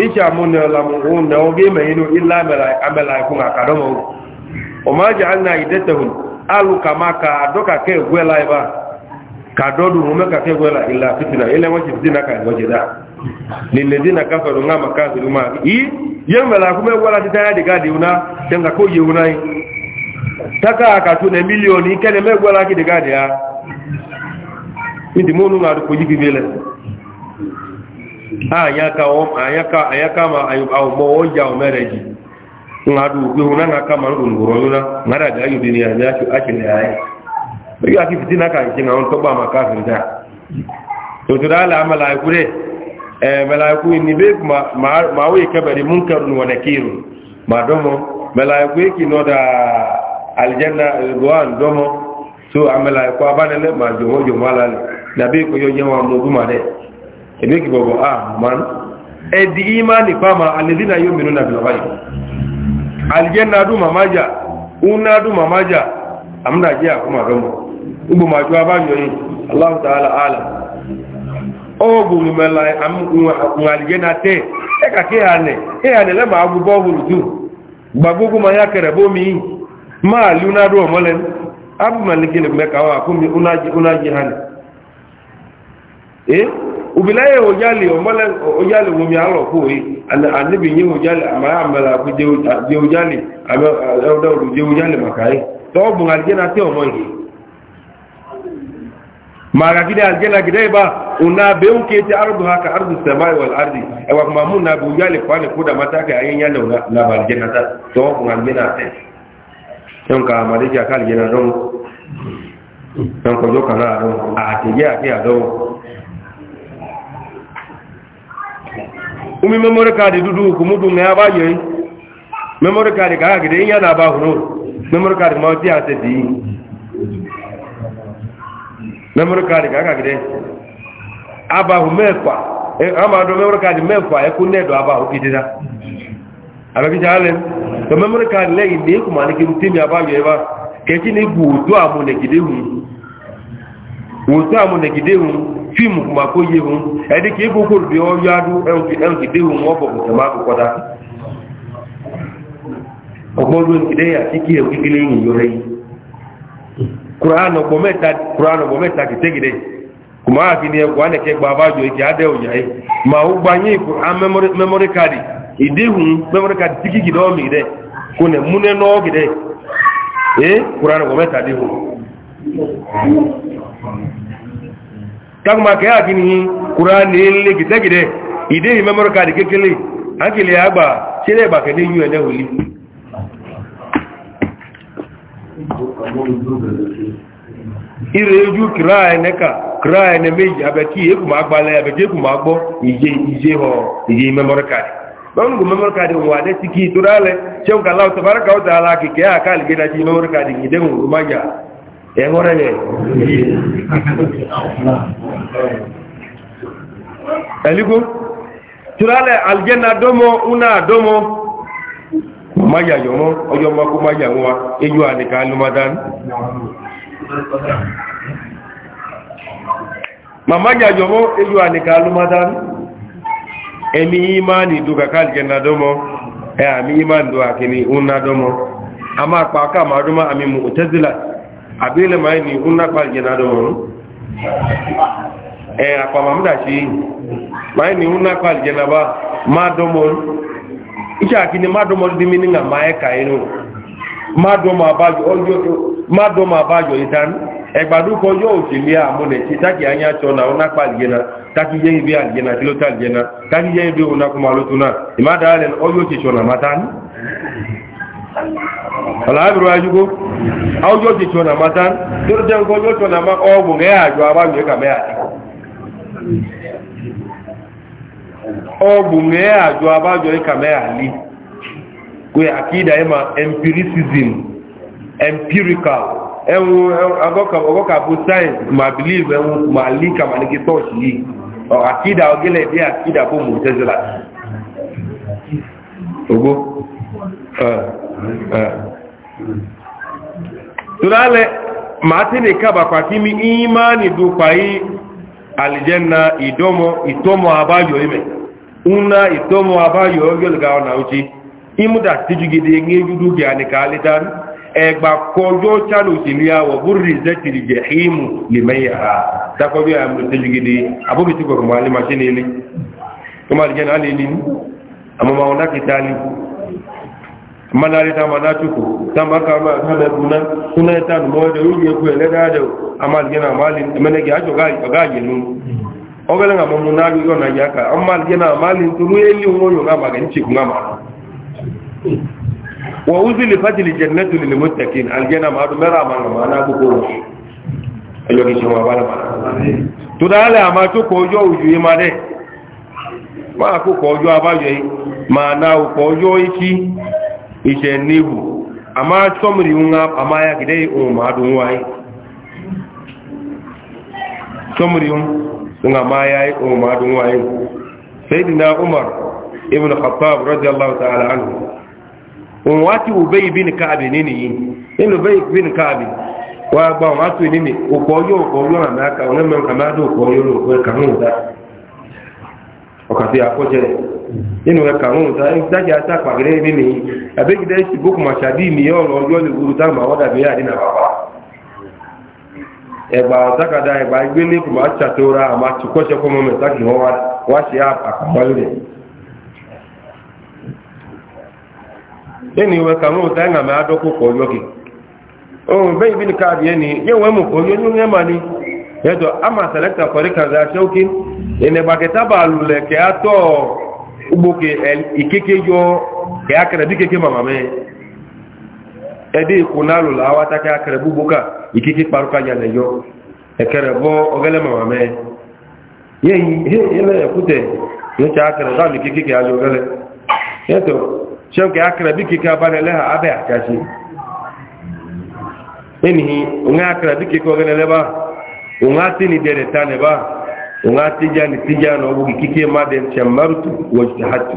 iṣẹ́ àmúnà ọ̀làmù òun náà ọgẹ́ mẹ́yìn ní ilá amẹ́là ẹ̀kún àkàdọ́mọ̀ òun ọmọ ajá àlùná ìdẹ́tẹ̀hùn alùkà máa ka àdọ́kàkẹ́ ẹgbẹ́ láìbá kàdọ́dù òun mẹ́kàkẹ́ ẹgbẹ́ ilá fìtìnà ilẹ̀ wọ́n ti fìtìnà kà ìwọ́jẹ̀ dá lèlèdínà káfẹ̀rún náà màkà àfẹ̀rún máa yìí yẹ́ taka akatu ne milioni kene megwala kidegade ya indi munu ngadu kujiki vile ayaka o ayaka ayaka ma ayub au moja o mereji ngadu kuhuna ngaka mangu ngurona ngara ga yu dunia yachu achile aye biyo akifitina ka kinga on toba makafir da to tudala amala kure eh malaiku ni be ma ma we kabari munkarun wa nakirun madomo malaiku ki noda aljanna alwan domo so amela ko abane le ma jomo jomo ala le nabi ko yo nyawa mo duma de ebe ki bobo ah man e di imani kama alladhina yu'minuna bil ghaib aljanna duma maja una duma maja amna je akuma domo ubu ma jo abanyo yi allah ta'ala ala ogu mi mela am aljanna te e ka ke ane e ane le ma agu bo tu gbagugu ma ya kere mi máa lú náà dúró mọ́lẹ́ abúmọ̀lẹ́gẹ́ lè mẹ́ka wà fún mi unájí hàní eh òbíláyé òjálè ọmọlẹ́ òjálè wọmi alọ́kù rí àníbi yí òjálè àmàlà àkújẹ òjálè ẹ̀ọ́dọ̀ òjẹ òjálè màkàáyé tọ́ọ̀bùn àjẹ́nà tí ọmọ ìgbè maragida aljana gidai ba una bayan ke ta ardu haka ardu samai wal ardi e wa kuma na bu yale kwane ko da mataka ayin ya launa labar jannata to kun aljana sai don ka amadi ki akali gina don don ko jo kana don a tege ake a don umi memory card dudu aba ye memory card ka na memory card ti di memory card gide aba hu memory card mefa e ku abahu do aba hu kidida kama mrika lei ni kuma ni kimtimi abayo eba keti ni gudu amu ne gidehu gudu amu ne gidehu fimu kuma ko yehu edi ki ko ko bi o yadu en ki en gidehu mo bo ko ma ko da ogbodo ni de ya tiki e kigile ni yo rei qur'an ogbo kwa ne ke idehun mẹ́mọ́rẹ́ ka digi gidọ́ mi dẹ́ kò nẹ̀ múnẹ́ nọ́ gidẹ́ ee kuran wọ́n mẹ́ta dehun kakuma kẹ́ àkíní kuran ní idehun ka agba ní un ẹ̀dẹ́ wòlí ire ju kìrá ẹnẹ́ka kìrá ẹnẹ́ méjì abẹ́kí ekùnmọ́ agbalẹ̀ abẹ́kí ekùnmọ́ agbọ́ ìje ìje họ bawon gume marka din wane ciki turale shewu ka lau tabaraka wata alaki ke ya aka algina ci na marka din idan rumaja ya hore ne aliku turale algina domo una domo maja yomo ojo oh, mako maja nwa ejo eh, ani ka lumadan ma maja yomo ejo eh, ani ka lumadan emi imani duka kalje na domo e ami imani duka kini una domo ama kwa kama duma ami mu'tazila abile maini unna kalje na domo e akwa mamda shi maini unna kalje na ba ma domo isha kini ma domo dimini nga maeka inu ma domo abajo ojo ma domo abajo itani ẹgbàdúkọ yóò sì lé àmúlẹ̀ tí táàkì ayé àtsọ náà ó nápa àlìyé náà táàkì yé ibi àlìyé náà kílótà àlìyé náà táàkì yé ibi òun náà kó máa lótú náà ìmáda alẹ́ ọ yóò ti sọ̀nà mátá ní. ọ̀làbìrò ajúgbó ọ yóò ti sọ̀nà mátá ní tó tẹ́ nǹkan yóò sọ̀nà má ọ̀gbọ̀n ẹ̀ àjọ abáyọ̀ kàmẹ́ àti. ọ̀gbọ̀n ẹ̀ àjọ abáyọ̀ kàmẹ́ àlì pé àkídà ẹ̀ máa empiricism empirical ẹ̀wọ̀n ọgọ́kàbó sáyẹ̀n ma believe ẹ̀wọ̀n ma lè kàmà ní kí tọ́ọ̀ṣì yìí àkídà ọgẹ́lẹ̀ bí àkídà bó mú tẹ́sílà ogbó tọ́lálẹ̀ ma tí ní kábàkwà tí mi ìmáni dúpa yí alìjẹ́nà ìdọ́mọ̀ ìtọ́mọ̀ abáyọ̀ imẹ̀ una ìtọ́mọ̀ abáyọ̀ ọgẹ́lẹ̀ ẹgbà kọjọ́ chálò sí ní àwọ̀ búrúdì zẹ́tìrì jẹ̀ hímù lè mẹ́yà ha dákọ́ bí àmì tẹ́jú gidi abúbi tí kọ̀kọ̀ máa lè máa ṣe ní ilé tó máa jẹ́ náà lè ní àmọ́mọ́ wọn láti ta ní mmanari ta mana tuku ta maka ma ta da buna suna ta da mawa da ruge ku ne na ri yo na yaka amal gina malin tunu wa uzili fatili jannatu lil muttaqin aljanna ma do mera ma ma na bu ko ayo ki shoma bala ma to da ala ma to ko yo uju ma de ma ko ko yo abayo yi ma na o ko yo iki ise nibu ama somri unga ama ya gide o ma do wai somri unga ma ya o ma do wai sayyidina umar ibn khattab radiyallahu ta'ala anhu òun wá tí òbẹ́yì bí nìkan àbì nínú yìí nínú òbẹ́yì bí nìkan àbì wọ́n á gba òun á tó nínú òkò ọyọ́ òkò ọyọ́ àmì aka òun mẹ́rin kàmá dé òkò ọyọ́ òkò ẹ̀ka ń wòdà ọkà sí àkọ́jẹ́ nínú ẹ̀ka ń wòdà dájà tá pàgẹ́rẹ́ nínú yìí àbẹ́gídẹ́ sì bókùn màṣàdí mi ọ̀rọ̀ ọyọ́ lè wúru táwọn àwọn dàbí yẹni wẹ kàmú ta ẹ̀ngà mẹ́ adọ́kù kọjọ́ kì ohun bẹ́yìn bí ní káàdì nye ma ni yẹtọ̀ ama sẹlẹ̀tà kọ̀rí kàzá aṣọ́kì ìnẹ̀bàkẹ́tà bá lulẹ̀ kẹ́ atọ́ yọ kẹ́ bí kéke màmá mẹ́ ẹdí ìkùnà lulẹ̀ awa ta gbogbo ká yàlẹ̀ yọ bọ́ mẹ́ ẹ̀kútẹ̀ ṣẹ́kẹ̀ akẹrẹ̀bí kíkẹ́ abánilẹ́hà abẹ́ àjáṣe ẹnìyí òun akẹrẹ̀bí kíkẹ́ ọgẹ́nẹlẹ́bá òun á tí ní dẹ̀rẹ̀ tánẹ̀bá òun á tíjá ní tíjá náà wọ́n kíkẹ́ má dẹ̀ ṣẹ̀márùtù wọ́ṣìṣàtù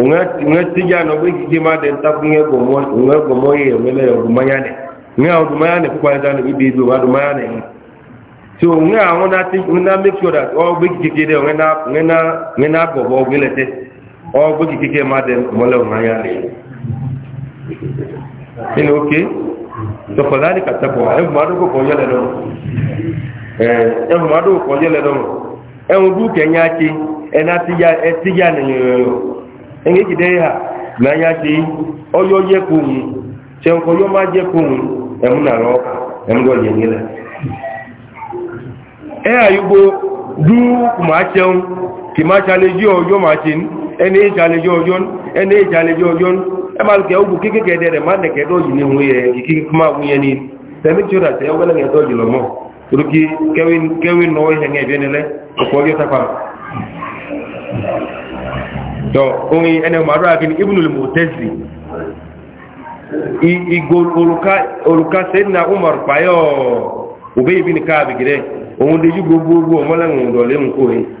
òun á tíjá náà wọ́n kíkẹ́ má dẹ̀ takúnyẹ́gbọ̀mọ́ ẹ̀gbọ̀mọ́ yẹ̀ ọ bụ ẹ máa dẹ mọ́lẹ̀ ọ̀rọ̀ ayá rẹ̀ nínú òkè tọ̀fọ̀dá ní kàtàkọ̀ ẹgbùmádókò kan yẹ́lẹ̀ náà ẹgbùmádókò kan yẹ́lẹ̀ náà ẹ̀hùn dúkẹ̀ yá ṣe ẹ̀nà ti yá nìyẹn ẹ̀yìn kìdẹ́ yà náà yá ṣe ọyọ́ yẹ kóhun ṣẹ̀ǹkọ́ yọ́ máa jẹ́ kóhun ẹ̀mú nàrọ̀ ẹ̀múdọ̀ yẹ̀ nílẹ̀ ẹ̀ ẹni ìjàlejò ọjọ́ ẹni ìjàlejò ọjọ́ ẹ máa kẹ ogun kékeré dẹ̀rẹ̀ má nẹ̀kẹ́ dọ́jì ní ìwé ẹ̀ kíkí máa wúyẹ ni tẹ̀mí tí ó dàtẹ̀ ẹwọ́ lẹ́yìn dọ́jì lọ́mọ́ torókí kẹwìn náwó ìhẹ̀ngẹ̀ ìbí ọ̀pọ̀ ọjọ́ sápá tọ́ orin ẹni ọmọdé umar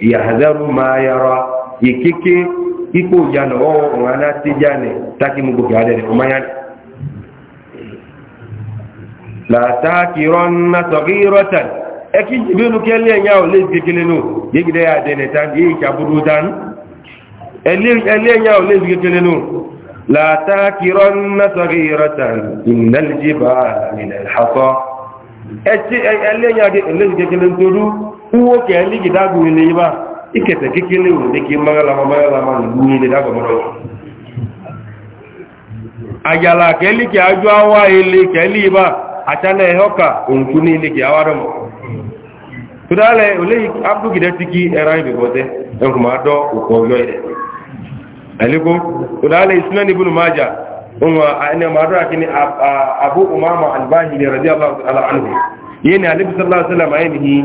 yahzaru ma yara ikike iko jana o ngana tijane taki mugo gade ne umanya la takiranna saghiratan eki jibilu kelle nya o le dikelenu yigide ya dene tan yi kaburu tan elle elle nya o le dikelenu la takiranna saghiratan innal jibala min al hasa eti elle nwoke ya ndị gide agụghị n'ebe a ikete kekele were dịka maghalama maghalama na igbu niile dagọmọrọ ajala ka eli ka ajụ awa ele ka eli ibe a acha na ihe ọka onku niile ka awara m tụdale olee abụgide tiki era ibebote nkwụmadọ ụkọ ọjọ ire aliko tụdale maja nwa ene madu akini abu umama albahili radiyallahu ta'ala anhu yene alibi sallallahu alaihi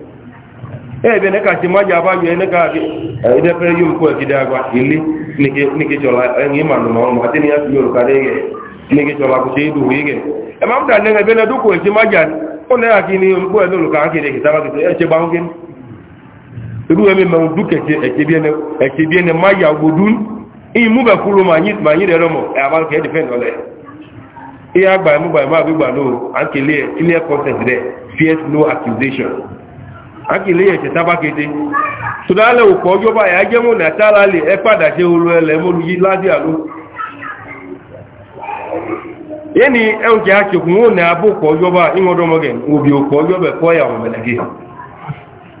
ebe ne ka ti maja abaju ene ka bi eh, ide pere yum ko ti ili nike jola enyi no mo ya nike jola ti du e mam da eh, eh, ne be ne du ko ti maja o ne akini yum ko ka akini ki e che bawo kin du emi ma du ke ti e ti bi ne e ti bi ne maja godun i mu ọrụ kulu ma ma de e ke defend ole agba mu ma bi gba an no accusation akìlẹ̀ yẹ̀ tẹ̀ta bá kéde tọ́dálẹ̀ ọjọba ya báyìí ajẹ́mọ̀ na àtàlà lè ẹ padà jẹ́ olú ẹlẹ̀ mọ́lú yí ládíà ló yẹ́ni ẹ̀ǹkẹ́ àkẹ́kùn ó ní abó ìwọ̀dọ́mọ́gẹ̀ òbí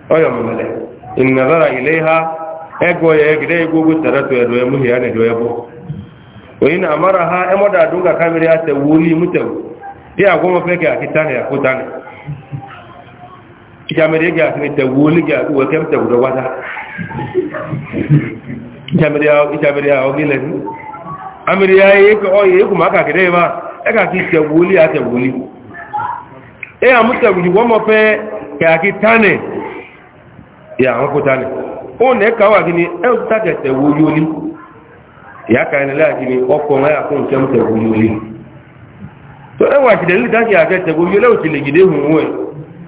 kọ́ ha ẹgọ́ yẹ ẹgẹ́dẹ́ igbógó tẹ̀rẹ́tọ̀ ẹ̀dọ̀ ẹmú hìá nìdọ̀ ẹbọ́ òyìn náà mara ha e jamere ga ni ga wata jamere ya jamere oh, eh, ya o ya ye ko ye ko maka ba e ka ki tawo li a tawo li e a mu wo mo ke ya ko tane o ne ka wa gini e o ta ke ya ka ni la gini o ko ya ko yo li ki a ke yo le o ti le gide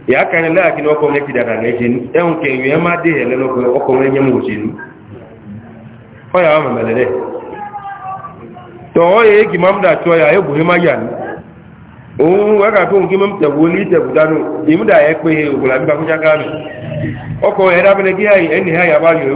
ya ka anyị laghachi na ọkọ onye kidara na echi enwe nke enwe ma adịghị ele n'okwe ọkọ onye nye m ọ ya ama melele ya egi ma m da-achọ ya egbughị ma ya òun wá kàtó nǹkan mọ́ tẹ̀wọ́ ní tẹ̀wùdánù ìmúdà ẹ pé ògùnlà bí kakúnjá kánù ọkọ̀ a abẹ́lẹ̀ kí ha yà bá yọ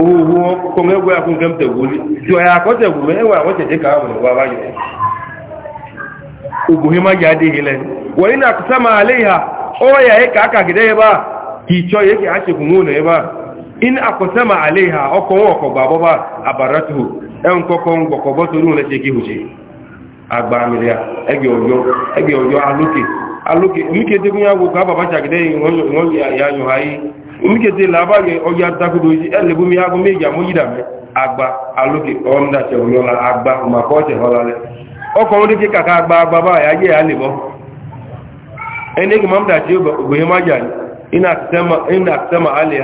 owó owó ọkọ̀ mẹ́wọ́ ya tẹ̀wọ́ ní jọ ẹ̀ àkọ́tẹ̀wù mẹ́wàá oya ka aka gide ebe a kicho yake ake kunwuna a in akwasama alaiha ọkọwọ ọkọgbà bọba abaratu ẹn kọkọ ń gbọkọ bọ́tọ̀rún lẹ́ṣẹ́ kí hùṣe agbàmìrì ẹgbẹ̀ ọjọ́ alókè alókè agba alókè ọ̀ndàṣẹ̀ ọ̀yọ́la agba ọmọkọ́ọ̀ṣẹ̀ ọ̀lálẹ́ ọkọ̀ orí agba agba ẹni kì máa ń dàjí ògbòye má jà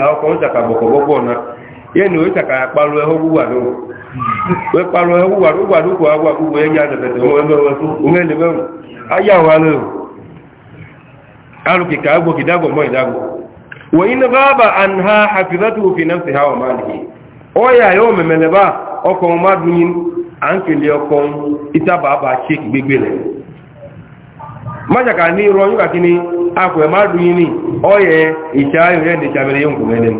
ha ọkọ̀ ń sàkà bọ̀kọ̀bọ̀kọ̀ ọ̀nà yẹ́ ni ó sàkà àpàlù ẹ̀họ́ gbúgbàdó pẹ̀pàlù ẹ̀họ́ gbúgbàdó kò àwọn àgbúgbò ẹ̀yà àtẹ̀fẹ̀tẹ̀ wọn ẹgbẹ̀rún ọdún ẹ̀lẹ́ mẹ́rin ayé àwọn alẹ́ rẹ̀ alùkìkà agbó kìdágọ̀ mọ́ ìdágọ̀ wọ́n náà fi ha maja ka ni ro yuka kini akwe madu yini oye ichayo ye ni chabele yonku meden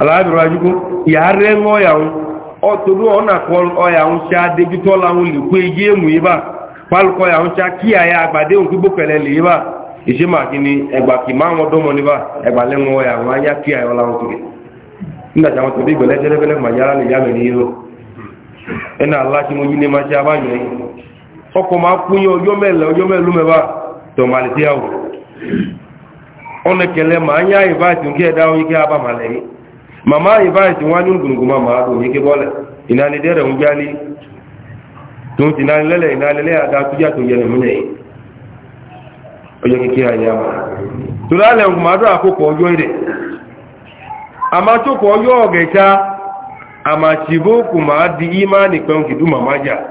alabi rajuko ya rengo ya un o tudu ona ko o ya un cha deju to la un liku eje mu iba pal ko ya un cha ya agbade un gbo pele le iba ise ma kini egba ki ma won ni ba egba le ya wa ya kia ya la un tuge nda jamo to bi gbele jere bele ma yara ni ya me ni allah ki ọkọ̀ máa kú yín ọjọ́ mẹ́lẹ̀ ọjọ́ mẹ́lú mẹ́fà tọ̀màlìtì àwọ̀ ọ̀nẹ́kẹ̀lẹ̀ máa ń yá ìbáàtì kí ẹ̀dá oyin kí abá màlẹ̀ yìí màmá maa wọn ní gbùngbùn máa máa dùn yín kí bọ́lẹ̀ ń gbá ní tó ń ti àdá tó yẹ yìí ọjọ́ ayé àmà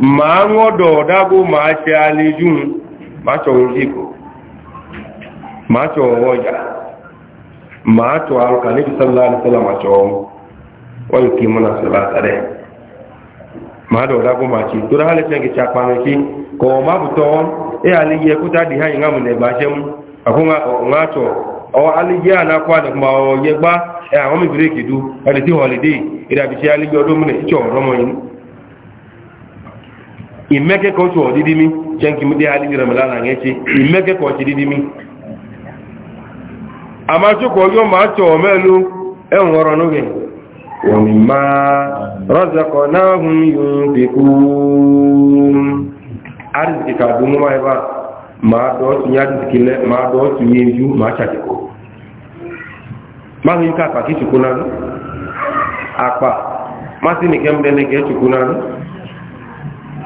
ma ṅụdọ dago ma ṣe alejun ma a ìbò ma ṣọ̀rọ̀ ọjà ma ṣọ̀ alùkà níbi sọ́lá alùsọ́lá ma a wọ́n yìí mụ na sọ́lá ma dọ̀ dago ma ṣe tó dáhà ma bù tọ́ ẹ alẹ́yẹ kó tá dìhà yìí ńàmù nẹ̀gbà ṣẹ́ mú àkóńgá ọ̀ṣọ̀ ọ alẹ́yẹ ànákọ́ imeke e ka otu ọdịdịmi che nke ndị ha dị ramadana na-echi imeke ka ọchị dịdịmi amachukwu ọjọọ ma achọ omelu enwọrọ n'oge wàmìmá rọ́zẹ̀kọ̀ náà hun yóò ka ma dọ́ọ̀tún yá arziki lẹ́ ma dọ́ọ̀tún ma ka chukwu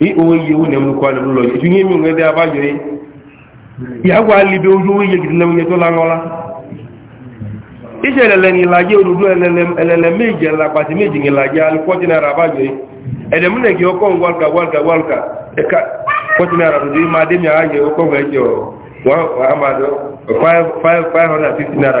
onwe ihe iwu na-enwekwa anya n'ụlọ gị ihe ime nwe dị abanyere ya gwa alibe ohi onye gidi na nwunye tola ṅụla ije elele n'ila gị orudu elele meji ele akpati meji n'ila gị alị kwọtinara abanyere edem na gị ọkọ ngwalka gwalka gwalka ka kwọtinara rụrụ ime adị mịa agye ọkọ nwe ji naira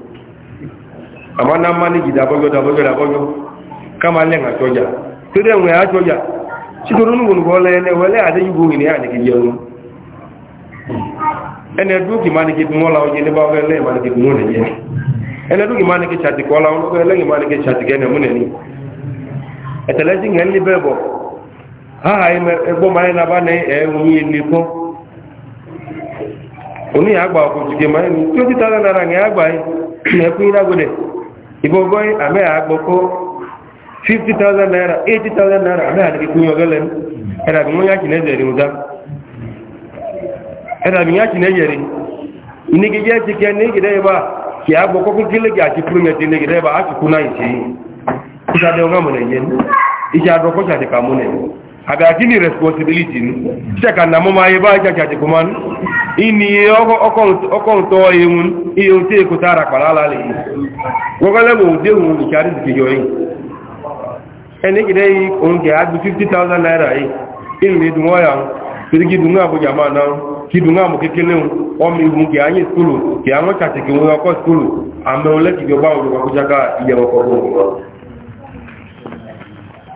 àmọ́ náà má ní jìdá bọ́jọ́ dábọ́jọ́ dábọ́jọ́ ká máa lẹ́ àtọ́jà tó dẹ̀ wọ̀n àtọ́jà títorí nùgbòǹkọ́ lẹ́ẹ̀lẹ́ wẹ́lẹ́ àdéyìnbó ìní àníkì jẹun ẹni ẹdúkì máa ní kí bí wọ́n la ọjọ́ ní bá ọgbẹ́ lẹ́yìn máa ní kí bí wọ́n lè jẹ ẹni ẹdúkì máa ní kí ṣàtìkọ́ la ọgbẹ́ lẹ́yìn máa ní kí ṣàtìkẹ́ ẹni múnẹ̀ ní ẹ̀tẹ̀lẹ́sì ń ní bẹ́ẹ̀ ha ẹgbọ́ máa ní nabá ní ẹ̀hún yìí ní kọ́ oníyàgbà ọkọ̀ jùgẹ̀ máa ní tí ó ti tààrà nára ní àgbà ẹ̀kún yìí ibogoy ame agboko 50,000 naira 80,000 naira ame adịghị kwunye ogelen ẹ̀dàbí wọ́n yá kì lẹ́jẹ̀rì mú dáa ẹ̀dàbí yá kì lẹ́jẹ̀rì inigijẹ́ ti kẹ́ ní ìgidẹ́ ìbá kì á gbọ́kọ́ kí kílẹ̀ kì á ti púrú mẹ́tì ìgidẹ́ ìbá a ti kú náà aga gini responsibility ni cheka na mama ye ba cha cha kuman ini oko oko oko to ihe iyo te ko tara kwala la le gogale bo de wu ni chari ti yoyi eni gide yi on ge adu 50000 naira yi in ni dun oya tirigi dun abu jama na ki dun amu kekele o mi ge ayin skulu skolu ka cha ti ki wu ko skulu ame ole ki gba o ko jaka iye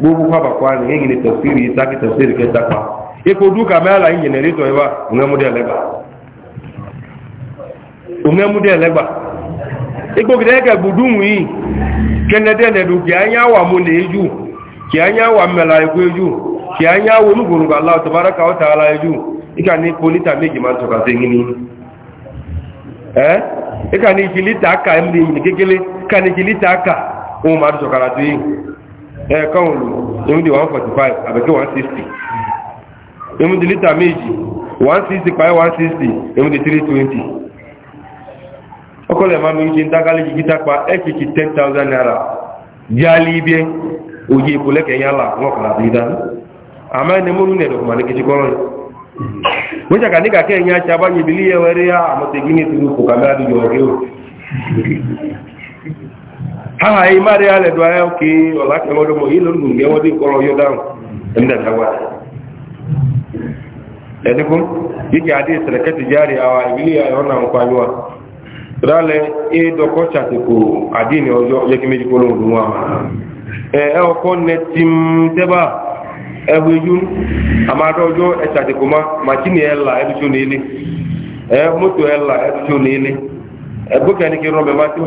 gbogbo kwaba kwa ni yengi ni tafsiri itaki tafsiri keta kwa iko duka mala yin generator ewa ungemude legba ungemude legba iko gideke gudumu yi kenede ne du kianya wa mu ne ju kianya wa mela iku ju kianya wa nu guru ga Allah tabaraka wa taala ju ika ni polita meji man to ka sengini eh ika ni kilita aka emri ni kekele ka ni kilita aka o ma do karatu yi ẹ̀ẹ̀kan olù ìmúdí 145 àbẹ̀kẹ́ 160 ìmúdí lítà méjì 160 pàí 160 ìmúdí 320 ọkọ̀lẹ̀ máa méjì ń dákálé jí gítà pa ẹ̀kìkì 10,000 naira jálí ibi òye ìpò lẹ́kẹ̀ẹ́yàlá wọn kàrà bí dáná àmá ẹni mú nínú ẹ̀dọ̀kùnmà ní kejì kọ́rọ̀ wọ́n ṣàkà ní kàkẹ́ ẹ̀yìn aṣàbáyé ìbílẹ̀ ẹ̀wẹ̀rẹ́ àmọ́tẹ̀gí ní ìtìlú kò kàmẹ́rà dùjọ́ ọ̀rẹ́ aha yi e, e, e, ma de alẹ do ayọ ke ọla kẹmọ dọ mọ yìí ló ń gùn gẹwọ bí kọlọ yọ dáhùn ẹni dàda wa ẹni kún yíkẹ adé sẹrẹkẹtì jáde àwa ìbílẹ ayọ náà ń pàjọ wa rálẹ ẹ dọkọ ṣàtìkù adé ni ọjọ yẹkí méjì kọlọ ọdún wa ẹ ẹ ọkọ nẹ tìm tẹbà ẹwù ejú àmàdọ ọjọ ẹ ṣàtìkù ma màchínì ẹ là ẹ tó ní ilé ẹ mọtò ẹ là ẹ tó ní ilé. ẹgbókẹ́ ní kí rọmẹ má ti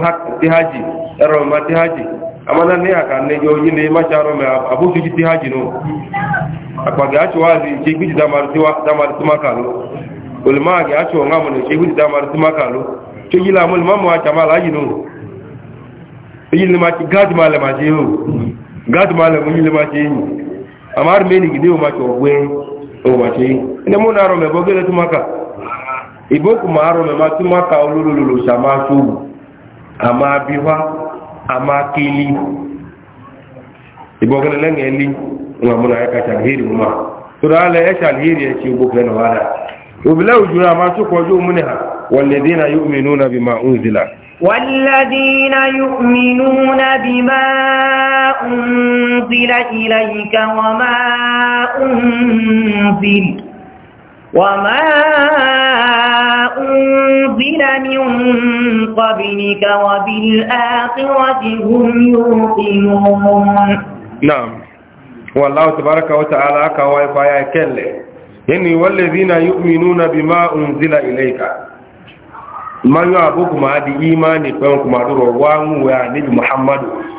hajji ẹrọmẹ má ti hajji amọ́nà ní àkànnẹ́jọ yí ní má ṣe rọmẹ àbúṣojú ti hajji nù àpàgẹ́ àṣọwáàzì ṣe gbíjì dámarì tí máa kàlú olùmáàgẹ́ àṣọ ọ̀gámọ̀ ní ṣe gbíjì dámarì tí máa kàlú tó yí láàmú olùmọ́mọ́ àjàmà láyì nù èyí ni má ti gáàdì máa lẹ̀ má ìbókù máa rọ mẹ́ma tí máa ka olólùlò sàmá sóòwò àmà abíwá àmà kéèlì ìbọ̀kẹ́lẹ́ lẹ́yìn ẹ̀lí wọn àmúna ẹ̀ka ṣàlìhérì mọ́ tọ́lá alẹ́ ẹ̀ ṣàlìhérì ẹ̀ ṣe gbókẹ́ náà wádà òbílẹ̀ òjòrò àmà tó kọjú òmúnìhà wọ̀lẹ̀dínà yóò mẹ́nu nàbí máa ń zìlà. والذين يؤمنون بما أنزل إليك وما أنزل وما أنزل من قبلك وبالآخرة هم يوقنون نعم والله تبارك وتعالى كواي فايا كله يعني والذين يؤمنون بما أنزل إليك ما يعبوكم هذه إيمان يقومكم ما وانو وعنب محمد محمد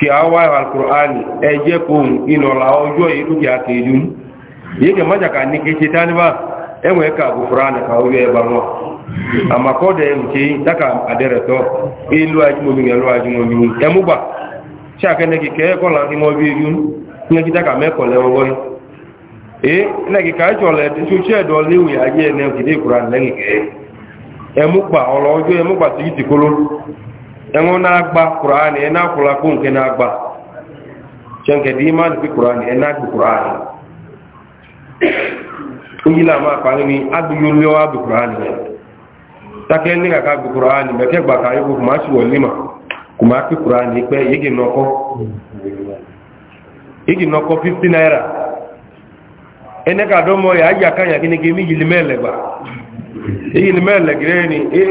kí a wá alkùránì ẹjẹ́ kóhùn ìlọ̀lá ọjọ́ ìlúkì àkèjú yìí kẹ májàkà ní kéṣe táníbà ẹwọ̀n ẹka alkùránì ka orí ẹba wọn àmàkọ́dẹ̀ ẹ̀mùké dáka àdẹ́rẹ̀tọ́ ìlú ajúmọ̀mí ẹ̀lú ajúmọ̀mí ẹmúgbà ṣàkẹ́nẹ́kì kẹ́ẹ̀kọ́lá ní wọ́n bí irú ní ẹjí dáka mẹ́kọ̀lẹ́ ọwọ́ yìí ẹ̀lẹ́kì káàkọ́lẹ̀ tó ṣẹ́ẹ̀dọ̀ léwu ìyájẹ́ ẹ̀nẹ́ òkìdé ìkùránì lẹ́yìn kẹ́ẹ̀ ẹmúgbà ọlọ́ọjọ́ ẹmúgbà yìí ti kólóró ẹ̀wọ́n na gba kùránì ena kùlá nke nkẹ́ náà gba ṣẹ́nkẹ̀dì imáàlì pé kùránì ẹ̀nà gbé kùránì ó yí làmà àpárí ni agbègbè wá gbé kùránì rẹ̀ tákẹ́ ní kàkà ndị kùránì mẹ́kẹ́ gbà káyé kò má sí wọlé mà kò má pé kùránì pẹ́ nọkọ, nọkọ naira e ya ni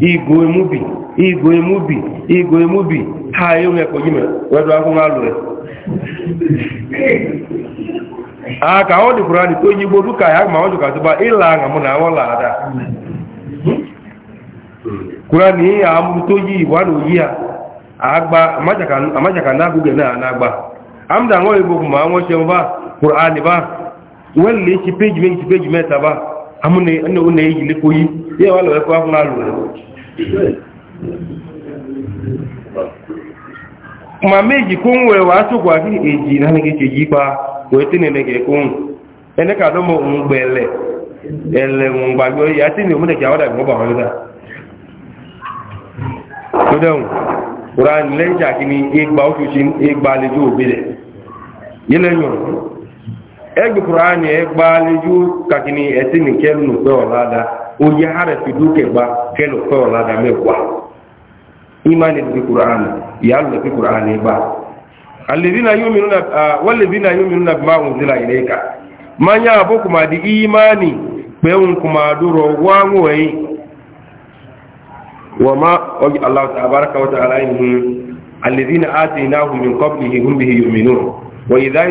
igo emubi igo emubi igo emubi ha yi onye kpọji me wedu akwụkwọ alụ ya a ka ọ dịkwara anyị onye igbo duka ya ma ọ jụka tụba ịla aṅa mụ na ọ laada kwura na ihe amụta oyi igbo a na oyi ya agba amachaka na abụghị na na agba amda nwa igbo bụ ma anwụchie mba kwuru anị ba wele ichi peji meji peji meta ba amụ na eyi lekwa yẹ wà lọ́wọ́ ẹ̀kọ́ fún alù rẹ̀ ma méjì kó ń wẹ̀ wà á tó gbà kí pa wẹ̀ tí nìkẹ́ kó ń ẹni kà lọ́mọ òun gbẹ ẹlẹ̀ ẹlẹ̀ òun gbàgbọ́ yìí àti ní òmìnira àwọn àgbọ̀n bà wọn lọ́dà tó dẹ̀hùn kúrò ní lẹ́jà kí ni igba igba àlejò ni oye harafi duke ba kelo ko la da me wa imani bi qur'an ya lu bi qur'an e ba alladhina yu'minuna uh, walladhina yu'minuna bima unzila ilayka manya aboku ma di imani peun kuma duro wangu wei wama oji allah tabaraka wa ta'ala inhi alladhina atainahum min qablihi hum bihi yu'minun wa idha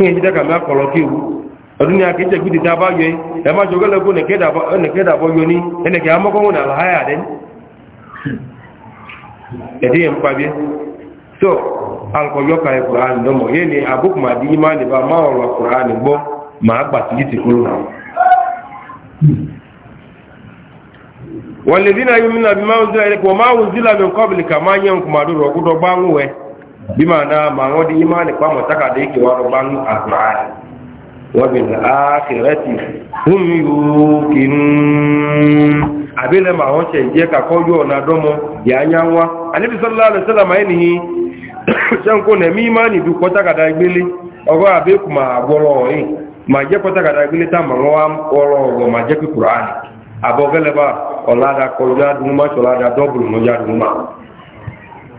kí ẹ̀yìn dákà máa kọ̀lọ̀ kí ewu ọdún ni akéjẹ́ gbìdì tá a bá yọ ẹ má jọgọ́ lẹ́gbọ́n ẹnẹ̀kẹ́dàbọ̀ yọ ní ẹnẹ̀kẹ́ amọ́kọ́wọ́n náà láyà dẹ́ ẹ̀dẹ́ yẹn pa bí tó alùpọ̀yọ́ ni abúkùmàdì ìmáàlì bá má ọ̀rọ̀ ẹ̀kùrán gbọ́ máa gbà sí ti kúrò náà wọ̀lẹ̀dínà yìí mú nàbí máa ń zílà ẹ̀kọ́ máa ń zílà mi kọ́bìlì kà máa yẹ bí máa náà máa wọ́n di imáàlì pàmò tákàdé ìkẹwàá rọ bá ń àkùrán wọ́n bí láàkìrẹ́tì fún yóò kì ń àbílẹ̀ máa wọ́n ṣe jẹ́ kàkọ́ yóò náà dọ́mọ yàányá wá alẹ́bí sọ́lá alẹ́ sọ́lá máa ní ṣẹ́ńkó nẹ̀ mí máa nìdú kọ́ tákàdá ìgbélé ọgọ́ àbẹ́kù máa gbọ́rọ̀ ọ̀hìn máa jẹ́ kọ́ tákàdá ìgbélé tá máa wọ́n ọ̀rọ̀ ọ̀rọ̀ máa jẹ́ kíkùrán àbọ̀gẹ́lẹ́bà ọ̀làdà kọlùdà dùnmọ́ ṣọ̀làdà dọ́bùrù mọ́jà dùnmọ́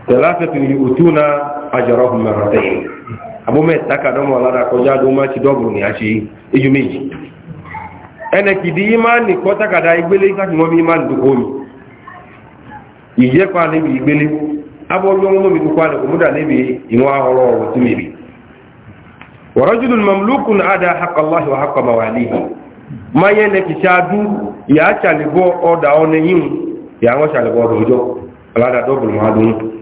ثلاثة يؤتون أجرهم مرتين أبو ميت أكادم ولا راكوجا دوما تدوبوني أشي إجميجي أنا كدي إيمان كوتا كدا إقبلي كات مومي إيمان دكومي إيجيكوا نبي إقبلي أبو يوم مومي دكوا نكمودا نبي إنوا هلو وتميبي ورجل مملوك أدى حق الله وحق مواليه ما ينكي شادو يا شالبو أو داونيين يا وشالبو دوجو لا دا دوبل ما دونه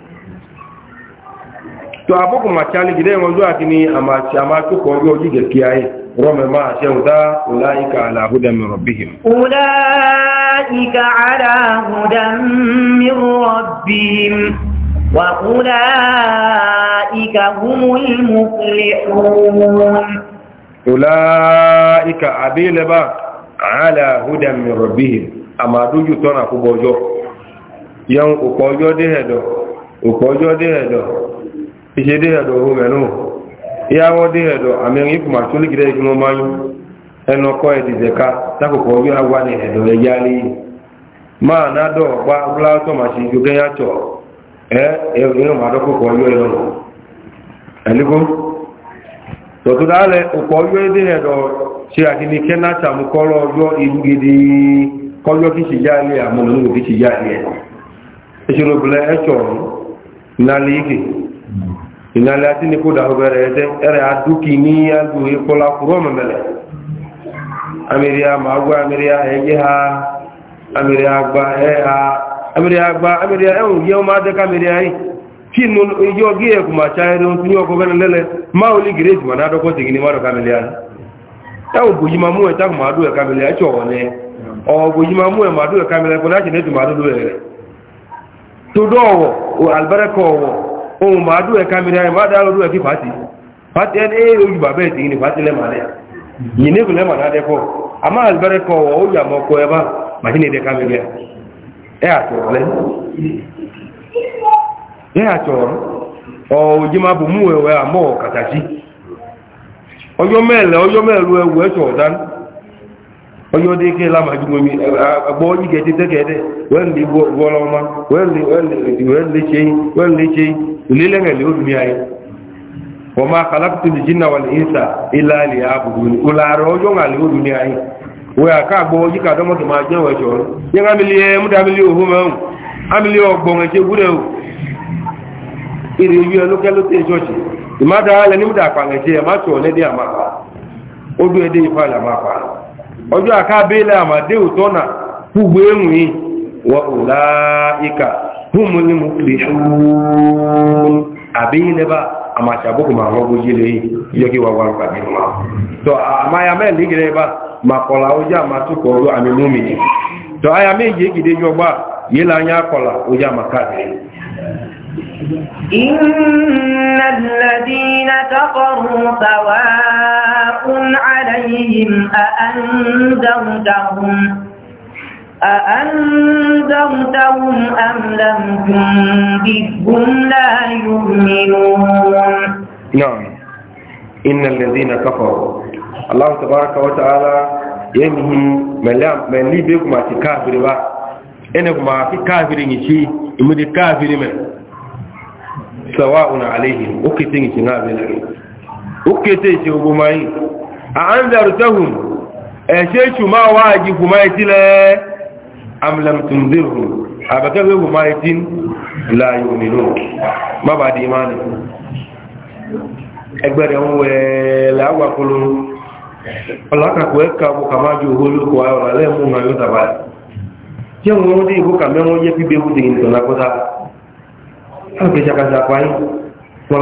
to aboko ma gide wanzu akini ama chama to ko yo jige kiai na ma shauda ulaika ala hudan min rabbihim ulaika ala hudan wa ala duju yan de de ìṣe dé ẹ̀dọ̀ ohun mẹ́nu ìyáwó dé ẹ̀dọ̀ àmẹ́rin ikùn àti olùgídẹ́ ikú ló máa ń ẹnu ọkọ̀ ẹ̀dìdẹ̀ka lákòókò orí àwa ní ẹ̀dọ̀ ẹ̀yà lé máa nádọ̀ ọ̀pá gúláṣọ̀ màṣí ìjọba yàtọ̀ ẹ ẹ̀rọ màdọ́kọ̀kọ̀ ọyọ́ ẹ̀rọ ẹ̀lẹ́gbó tọ̀tù dálẹ̀ ọ̀pọ̀ ọyọ́ dé ẹ̀dọ̀ ṣe àdínní kẹ́nàtà mú kọ́lọ́ ọjọ́ ìlú gidi kọ́jọ́ kìí ṣe yá ilé àmọ́ òun kìí ṣe yá ilé ẹ̀ ṣe lóbi lẹ́ ẹ̀ṣọ̀ ọ̀run nálẹ́ ìgbè ìgbàlẹ̀ ni ní kó dàgbẹ̀rẹ̀ ẹ̀rẹ̀ àdúkì ní àdú ìkọlá kúrò kuro amìríà e e e. ma gbá amìríà ẹgbẹ́ ha amìríà gba ẹ̀ha amìríà gba amìríà ẹ̀hùn yẹ́ o máa dẹ́ka amìríà yìí kí inú ijó gí ẹ̀kù máa ṣá ẹ̀rọ tí yóò kọ́kọ́ lẹ́lẹ̀ máa olí gírèjì mà nádọ́kọ́ tìgì ní má dọ̀ka amìríà ẹ̀hùn bòjì máa mú ẹ̀ta máa dú ẹ̀ka amìríà ẹ̀ṣọ̀ wọ̀ ní ọ̀ bòjì máa mú ẹ̀ máa dú ẹ̀ka amìríà ẹ̀kọ́ láti ní ètò máa dúdú rẹ̀ tó dọ́ ọ̀wọ̀ àlùbárẹ́kọ̀ ohun ma dúwẹ̀ kamiria ìwà dáadọ́ dúwẹ̀ kí fàtí fàtí ẹni èèrè ojú bàbẹ́ ìtì ní fàtí lẹ́mà rẹ̀ yìí ní kò lẹ́mà náà dẹ́kọ́ a máa lẹ́rẹ́ kọ ó yà mọ́ kọ ẹbá màtínì ẹ̀dẹ́ kamiria ẹ àtọ̀ọ̀lẹ́ ẹ àtọ̀ọ̀rọ̀ ọ̀ọ̀jì máa bù mú ẹ̀wẹ̀ àmọ́ kàtàkì ọjọ́ mẹ́ẹ̀lẹ́ ọjọ́ mẹ́ẹ̀lú ẹwù ẹ̀ṣọ̀ ọ̀dánù onye dị ike la ma agba onye ga-eji degede wegwọrọ ọma welechei ulile nwere obi anyị ọma kalapụtụji na wale isa ile ya bụrụ anyị wee aka agba ka ma je wee chọrọ nye ihe ohu amili e ọgbọ nwe chegbure ewu iri iri akpa nwe che ya ma chọọ dị ama obi ede ife ala ma ọjọ́ àkábẹ́lẹ̀ àmàdé òtọ́nà fúgbé ẹ̀wìn wọ òláìkà fúnmù ní mú lè ṣúrún àbíyínlẹ́bà àmàṣàbókù ma wọ́n gbójí lè yẹ́kí wà wà rúkà nínú wa tọ́ àmáyà إن الذين كفروا سواء عليهم أأنذرتهم أأنذرتهم أم لم تنذرهم لا يؤمنون نعم إن الذين كفروا الله تبارك وتعالى يمهم من لي بكم أتكافر با إنكم أتكافر نشي إمدي كافر من سواء عليهم أكتنك نابل أكتنك أبو مايك أعنذرتهم أشيش ما واجب ما يتلا أم لم تنذرهم أبكره ما يتن لا يؤمنون ما بعد إيمانه أكبر يوم ولا وقلوا ọlọ́kà kò ka ju ma yóò tàbá ẹ̀ tí wọ́n wọ́n dé ìbúkà mẹ́wọ́n yẹ́ pípé wúdè ìtàn lákọ́tà láti ṣàkàṣà pààyàn wọ́n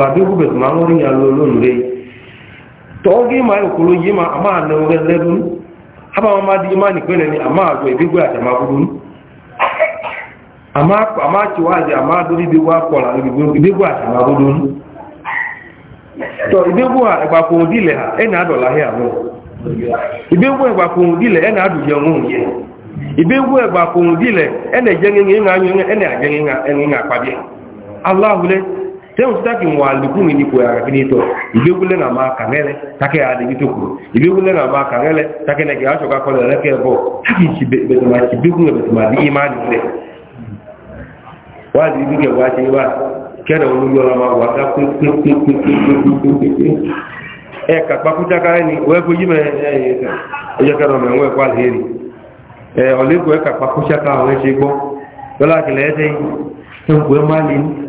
tọ́gí ma ìkòrò yìí ma àmà àna orin lẹ́dún àbá ma di ma nìpínlẹ̀ ni àmà àjọ ìbígbé àtàmà gúrú àmà tíwáàdì àmà àdórí ìbígbé àkọlà ìbígbé ìbígbé àwọn ìbígbé àdùjẹ yẹ ìbígbé tẹ́wọ̀n tí táàkì wọ àlùkù ní ipò àràkí ní ìtọ̀ ìgbégbélé náà máa kà rẹ́lẹ́ tákẹ́ àdéjì tó kù ìgbégbélé náà máa kà rẹ́lẹ́ tákẹ́ náà kì kọlẹ̀ rẹ́kẹ́ bọ̀ táàkì ìṣì bẹ̀tùmá ti bí i máa nìlẹ̀ wá sí ibi kẹwàá ṣe wá kẹ́rẹ̀ olúyọ̀lá máa wà ká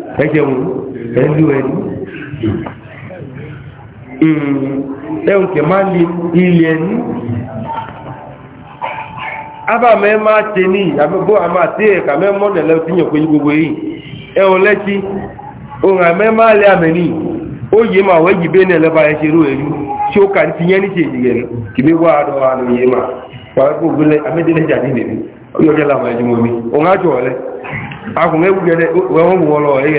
ẹ kàpá kútákà ẹni everywhere ẹ̀hùn kẹ máa lè ilẹ̀ ní abàmẹ́ máa tẹ ní àgbẹ́gbọ́ àmà àti ẹ̀kà mẹ́mọ́ nẹ̀lẹ́ tí yàn péjú gbogbo yìí ẹ̀hùn lẹ́tí ohun àmẹ́ máa lẹ́ àmẹ́ ní ó yé ma wẹ́jì bẹ́ nẹ̀lẹ́ bá ẹ ṣe rú ewu tí ó kà ti yẹn ní ṣe ìjìyẹn kì bí wà àdọ́ àlọ́ yé ma pàápàá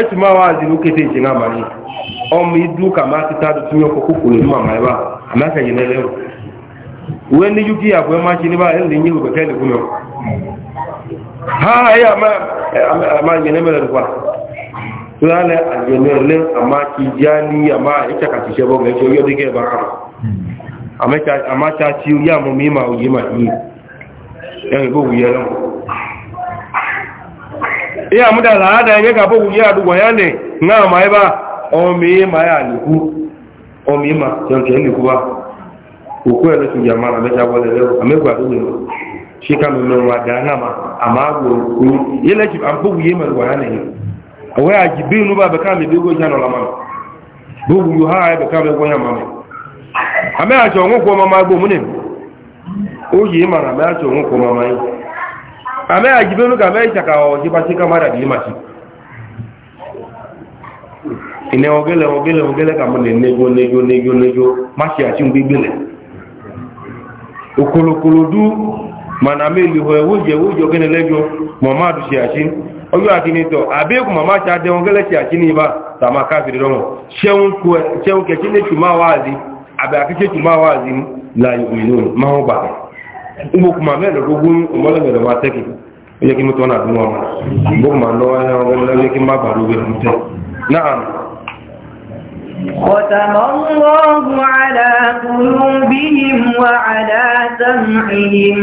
ẹtù máa wá àdìrú kété ìjìnlá màní ọmọ idú kàmá ti tá tuntun yọkọ kókò lè mọ àmàlẹ́ bá àmàkà yìí lẹ́lẹ́ o wọ́n ní yúkí àbọ̀ ẹ máa ṣe ní báyìí lè yí ìwé kẹ́kẹ́ nìkú lọ. ha ẹ àmà yẹn mẹ́rẹ̀ nípa tó yà lẹ àjẹnú ẹ lẹ àmà kì í já ní àmà ìṣàkà ti ṣe bọ́ mẹ́ṣẹ́ oyọ́ dégẹ́ bá kà àmà ṣá ti yá mọ́ mi máa òye máa yí ẹ̀ ihe amụdala a ya enye ka abụghị gị adụgwa ya na na a ya lekwu mecha nwa na ma ama agwụrụ kwuru ilechi abụghị ya mere ya awe ya ji nuba beka mi bi la mama bugu ha beka mi goja mama ame mama mara ame ajo nwokwo mama ame ajibenu kame itaka ojibasika mara bi mati ine ogele ogele ogele kamo ne nego nego nego nego masi ati ngbele okolokolo du mana meli ho ewoje ewoje ogene lejo mama du si ati oyo akini to abeku mama cha de ogele si ati ni ba tama kafiri romo seun chuma wazi abe akiche chuma wazi la yu'minun ma umu kuma mɛ lɛ dogun umu lɛ mɛlɛ waa tɛki o yɛ k'i mu tɔn na dun wa ma o kuma lɔ wa yɛn wɛlɛ o yɛ ختم الله على قلوبهم وعلى سمعهم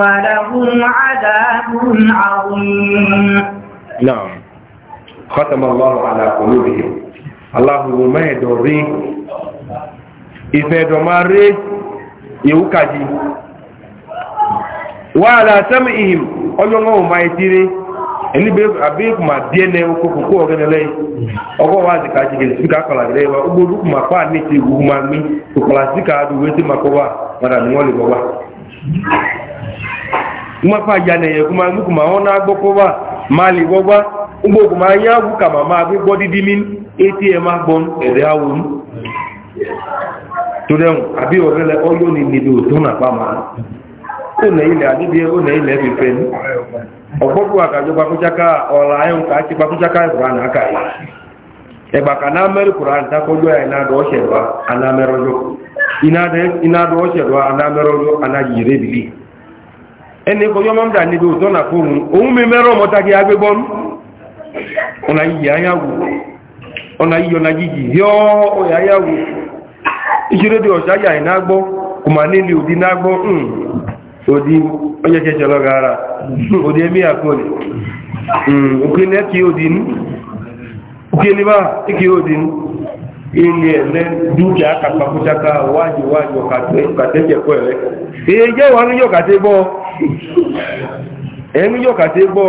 ولهم عذاب عظيم نعم ختم الله على قلوبهم aláhùwò mẹ́ẹ̀dọ̀ rí ìfẹ̀ẹ̀dọ̀ máa rí ìwúkàjí wà àdásẹ́mì ìhìm ọjọ́ngọ́ òun máa ti rí ẹ̀líbẹ̀ àbíkùnmà díẹ̀nẹ̀ okòkòkò ọ̀gẹ́nẹ̀lẹ́ ọgọ́ wà wa ugbó lùkùnmà pàà ní ti wù máa mí kòkòlà síkà àdúgbé tí màkọ́ wà padà ní wọ́n lè bọ̀ wà. mọ́pàá ìyànà ẹ̀yẹ̀kùnmà lùkùnmà wọn náà lè ụgbọ ogwụ ma agwụ ka mama agwụgwọ didimi atm agbọn ede awụ m tụrụ enwụ abịa orele ọyọ n'ilide otu na akpa ma ụna ile adịbịa ụna ile ebife m ọgbọgbụ akajọ gbakụchaka ọla anyị ka achị gbakụchaka ịbụrụ na aka ya ịgba ka na mmerụ kwụrụ anyị ịna-adọ anaghị níbi nà fóònù òun mi ona yìí ayáwó ona yìí ọ̀nà yìí yọ́ ọ̀yà gbọ́ kò máa nílé òdí iná gbọ́ òdí ọjọ́ lọ́gà ara na ẹmí àkọlẹ̀ òkè ní ẹkì òdí ní òkè ní bá ẹkì ní ilé ẹ̀lẹ́ dúkìá kàpàkútaka wájú wájú kàtẹ́jẹ̀kọ́ ẹ̀rẹ́ èyí jẹ́ wà ní yọ̀kàtẹ́ bọ́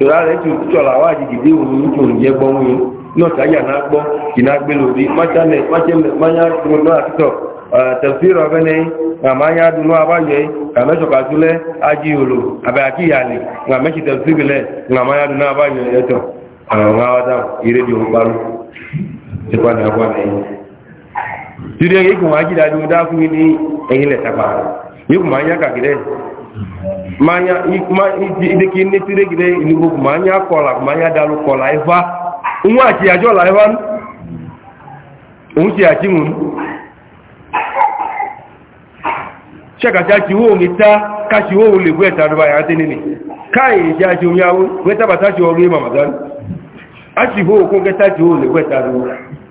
tòlá rẹ̀ tó tọ́lá wá jìgìdé òun tó ń jẹ́ gbọ́n yìí náà táyà náà gbọ́ kì náà gbé lòdì máṣálẹ̀ máṣá gbọ́dọ̀ àtúntọ̀ tẹ̀síìrọ̀ fẹ́ni àmáyá dunú abáyẹ àmẹ́sọ̀kàtúlẹ̀ ají òlò àbẹ̀ àkíyàlè àmẹ́sì tẹ̀síìrìlẹ̀ àmáyá dunú abáyẹ ẹ̀tọ̀ àwọn awádà ìrẹ́dì òun parú ìpàdé àwọn ẹ̀yìn tìrẹ̀ yìí kò wá jìdájú dákú ní ẹ̀yìn lẹ̀ tàbà yìí kò máa ń kàkiri ma manya ideke netire gide inugo manya kola manya dalu kola ifa nwa ti ajo la ifa unti aji mun cheka ja ti wo mi ta ka ti wo le gwe ta do e ba ya tini ni kai ja ji mi awo we ta bata ji ori mama dan aji ho ko ke ta ji wo le gwe ta do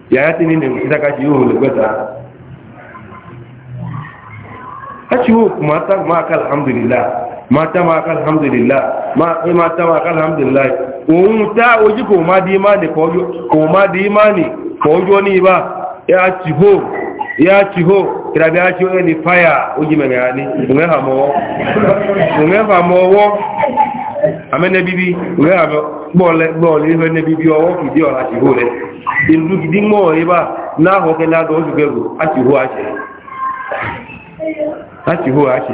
ya ya tini ni ta ka ji wo le gwe ta aji ho kuma ta ma ka alhamdulillah mata ma ka alhamdulillah ma ai mata ma ka alhamdulillah ohun ta oji ko ma di imani ko ko ma di imani ko jo ni ba ya ci ho ya ci ho kira bi ci ho ni faya oji me ngani nge ha mo nge ha mo wo amene bibi nge ha bole bole ho ne bibi owo ki di ola ti ho le indu di mo e ba na ho ke na do ju gego achi ho achi achi ho achi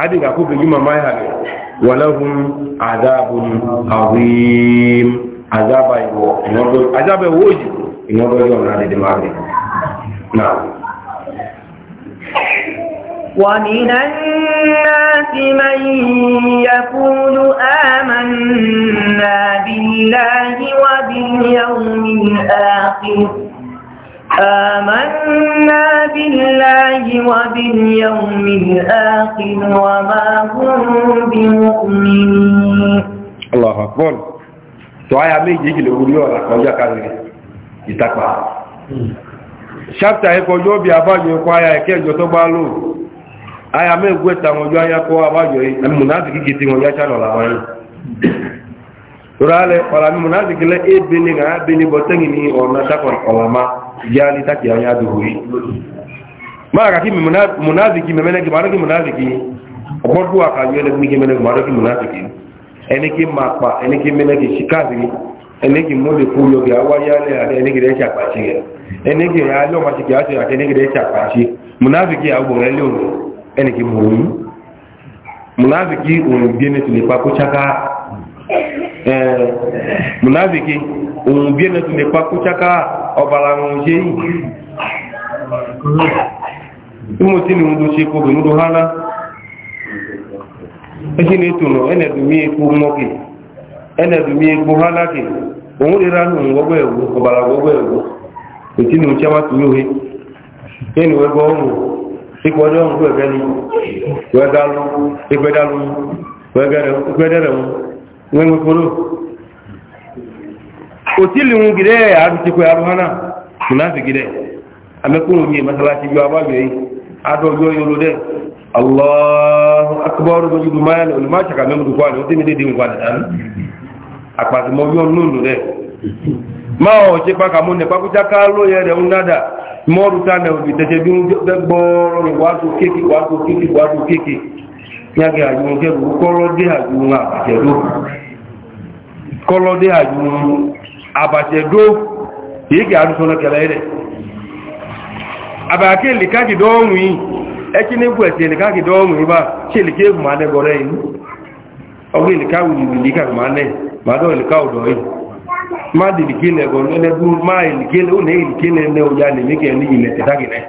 adiga ko be yima mai hale walahum adabun azim azaba yo inodo azaba woji inodo yo na de mari na ومن الناس من يقول آمنا بالله وباليوم الآخر آمنا بالله وباليوم الآخر وما هم بمؤمنين الله أكبر tọ́yà méjì kìlẹ̀ orí ọ̀rọ̀ àkọjá kàrìrì ìtàpá ṣáptà ẹkọjọ́ bí àbájọ ẹkọ ayá ẹ̀kẹ́ ẹjọ́ tó bá lò ayá mẹ́gbẹ́ta ọjọ́ ayákọ́ àbájọ ẹmùnáàtì kíkì tí wọ́n yá ṣánà làwọn yìí rálẹ̀ ọ̀làmí mùnáàtì kílẹ̀ ébìnrin àábìnrin bọ́tẹ́yìn ní ọ̀nà dákọ̀ ọ̀làmá ni taki ya nyadu hui mara ki munafiki memene ki maraki munafiki obodu akayele mi gemene ki maraki munafiki ene ki mapa ene ki mene ki shikazi ene ki mole kuyo ki awayale ade ene ki recha pachi ene ki ya lo machi recha pachi munafiki awu ngale onu ene ki muhi munafiki un biene tuli pa kuchaka eh munafiki un biene tuli kuchaka ọbara wọn ṣe yìí ìmọ̀tí ni wọ́n tó ṣe kóbi ní ọ̀hánà ẹ̀ṣì ní ètò náà ẹnẹ̀dùnmí epo mọ́kì ẹnẹ̀dùnmí epo hánákì òun ọbara gbogbo ẹ̀wọ̀ ètí ni ọjọ́ wá tún lóhe otili ŋun gidɛ a ti ko yaro hana munafi gidɛ an bɛ kunu ɲɛ masalasi jɔ a b'a jɔ yen a dɔ jɔ yoro dɛ alahu akibaru dɔ jugu ma yɛlɛ olu ma cɛ ka mɛ mudu kɔ ale o tɛ mi de den kɔ ale tan a kpasi mɔ yɔ nun do dɛ ma ɔ se pa ka mun dɛ pakuta kaalo yɛ dɛ ŋun nada mɔɔdu ta nɛ o bi tɛtɛ bi bɛ gbɔɔrɔ de waa to keke waa to keke waa to keke àbàtẹ̀dó kìí kìí àrùsọ́nà kẹlẹ̀ rẹ̀ àbàkí lìkáàkì dọ́ọ̀mù yìí ẹkí ní bú ẹ̀sẹ̀ lìkáàkì dọ́ọ̀mù yìí bá ṣe lìkí èkù máa nẹ́gọrẹ́ yìí ọgbẹ́ lìkáàkì lìkáàkì máa nẹ́ máa dọ́ lìkáàkì dọ́ yìí má di lìkí nẹ́gọ̀ nẹ́gbùn má ìlìkí nẹ́ ọjà nìmíkẹ́ ní ilẹ̀ tẹ̀tàkìnẹ́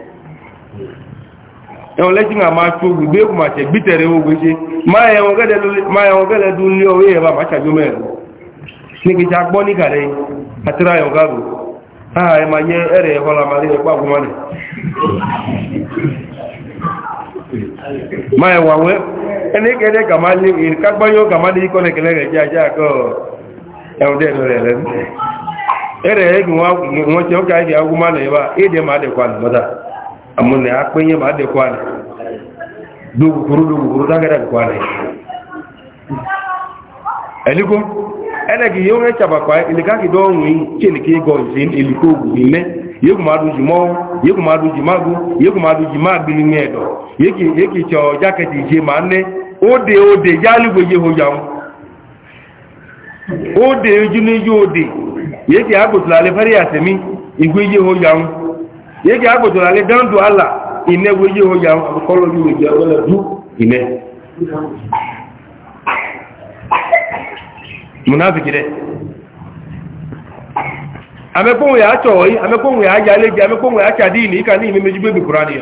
ẹ̀wọ̀n lẹ́tí ma máa tó gbígbé kùmàṣẹ̀ gbítẹ̀rẹ̀ ogun nígbèjì agbọ́ ní gàrẹ́ àti ráyọ̀ gáàrù àà ẹ̀mà yẹ ẹ̀rẹ̀ ẹ̀họ́lá ma rí ẹ̀pá gúnmọ́ ma ẹ̀wà wẹ́ ẹnìkẹ́dẹ́ gàmá ní ìkágbọ́yọ́ gàmá ní ikọ́ nìkẹ́lẹ́ rẹ̀ jẹ́ ajá àkọ́ ẹ̀rùndẹ́ ẹ̀rù rẹ̀ lẹ́nu ẹ̀rẹ̀ ẹ̀gùn ẹnẹgì yóò rẹ tsabakpa ìlẹkàkì dọ ọhún yìí tí ènìkè gọ ìsìn èlìkò ògùn mẹ yéku máa dùn máa dùn jùmọ agbo yéku máa dùn jùmọ agbini ní ẹdọ máa nẹ óde óde yálùgbé yého yàwó óde ojúnéjú óde yéki agbòtò munafiki dɛ amekpɔnwó yà atsɔ wɔyi amekpɔnwó yà adza aledi ya yà atsa diini ika ni imeme dzugbe bi kura ni yɛ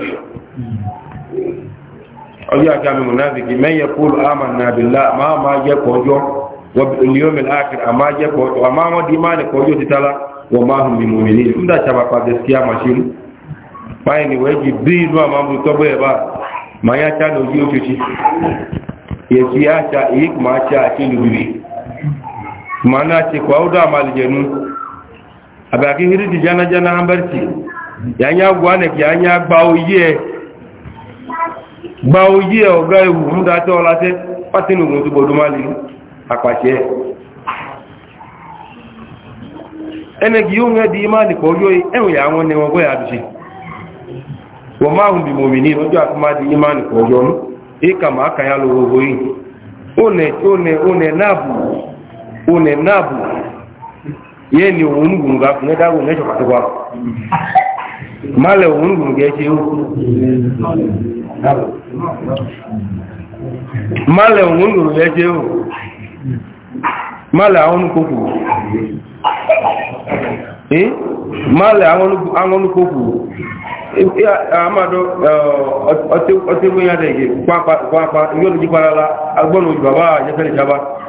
ɔyi aka mi munafiki mɛ yɛ kulu ama nabila maa ma yɛ kɔjɔ wɔ liyɔmi akiri ama yɛ kɔjɔ ama di ma ni kɔjɔ ti ta la wɔ ma hum mi mumini n da tsaba pa gaskiya machine fain ni wɔyɛ dzi bii nu ama mu tɔgbɛ yɛ ma ya atsa na oyi otsotsi yɛ si atsa kuma atsa nu bibi. mana ce kwa uda maljanu a bakin hiridi jana jana an barci ya nya gwana ki ya nya gbawo yiye gbawo yiye oga ewu muda ta ola te patinu gun to bodu a apase ene gi di imani ko ewu ya won ne won go bi ma hum bi mu'minin ojo akuma di imani ko yon aka ya lo wo yi one one one one nabu ye ni onugun da ne so patwa male onugun ge se o male onugun ge se o male àwọn ko eh male àwọn àwọn ko ku amado ọtí ọtí wọnyá dẹ̀ gẹ̀ pápá yóò lójú parala agbọ́nà òjò bàbá àjẹsẹ́lẹ̀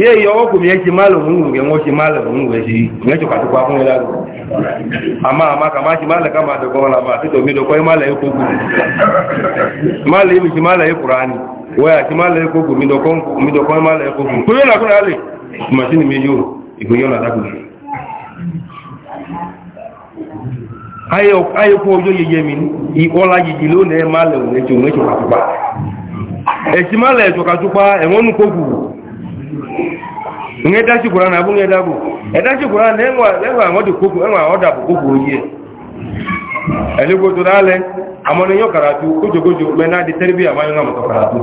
ye yo ko mi eji malo mungu ge mo ji malo mungu eji ne to kwa fun ama ama kama ji kama do ti to mi do ko malo e ko ku malo mi ji malo wa ya ji malo e ko ku mi do ko mi do ko malo e ko ku ko yo la ko ale ma ti ni mi yo igun yo la ta ku ayo ayo ko yo yeye mi i ola yiji lo ne malo ne ju ne to katu nge dachi e e e na abụ nge dabụ edachi kwara na enwe amadu kpoku enwe ọdabụ kpoku oyi eligotoro ale amọni yọ karatu kojokojo mẹ náà di tẹribi àmà yọ nàmọtọ karatu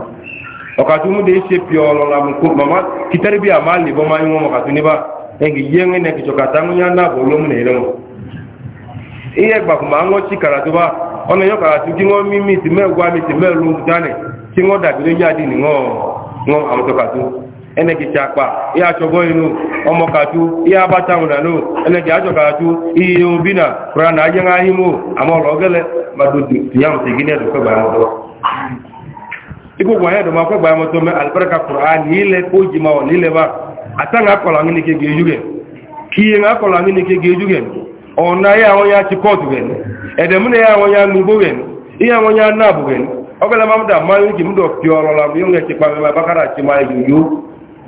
ọkàtú mu de ṣe na lọla mu mama kí tẹribi àmà lè bọ máa yọ wọn ọkàtú níbà ẹnkì yẹn ní ẹkìtsọ kàtà ń yàn náà bọ lọmú nìyẹn lọ. iye gbàkùnmá ń na karatu karatu. ẹnẹ́kìtì àpá ìyá àṣọgbọ́ inú ọmọ kàtú ìyá abátàwọn ìdànù ẹnẹ́kì àjọkàtú iye obìnà rana ayẹ́ngá ahímò àmọ́ ọ̀lọ́gẹ́lẹ́ màdó tìyàmù sí gínẹ̀ ẹ̀dùnkọ́gbà ẹmọ́tọ́ ikúgbò ayé ẹ̀dùnmọ́ akọ́gbà ẹmọ́tọ́ mẹ́ alìbẹ́rẹ́ka kùrán nílẹ̀ kó jìmọ̀ nílẹ̀ bá àtàngà kọ̀lá ní kége ojú rẹ̀ kí yẹn akọ̀lá ní kége ojú rẹ̀ ọ̀nà ayé àwọn ya ti kọ́ọ̀tù rẹ̀ ẹ̀dẹ̀múnẹ̀ àwọn ya nugbó rẹ̀ iye àwọn ya náàbù rẹ̀ ọgbẹ́lẹ́ máa ń dà máa ń kì í mú dọ̀ fi ọ̀rọ̀ làwọn yóò ń gẹ̀ ti pa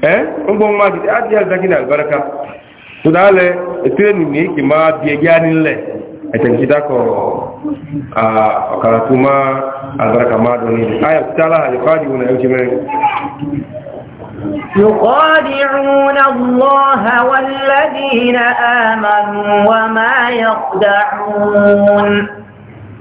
eh ngbo ma di ati al zakina al baraka tudale etireni ni ki ma bi ejani le eten kita ko a karatuma al baraka ma do ni aya tala ya qadi una yuji me يخادعون الله والذين آمنوا وما يخدعون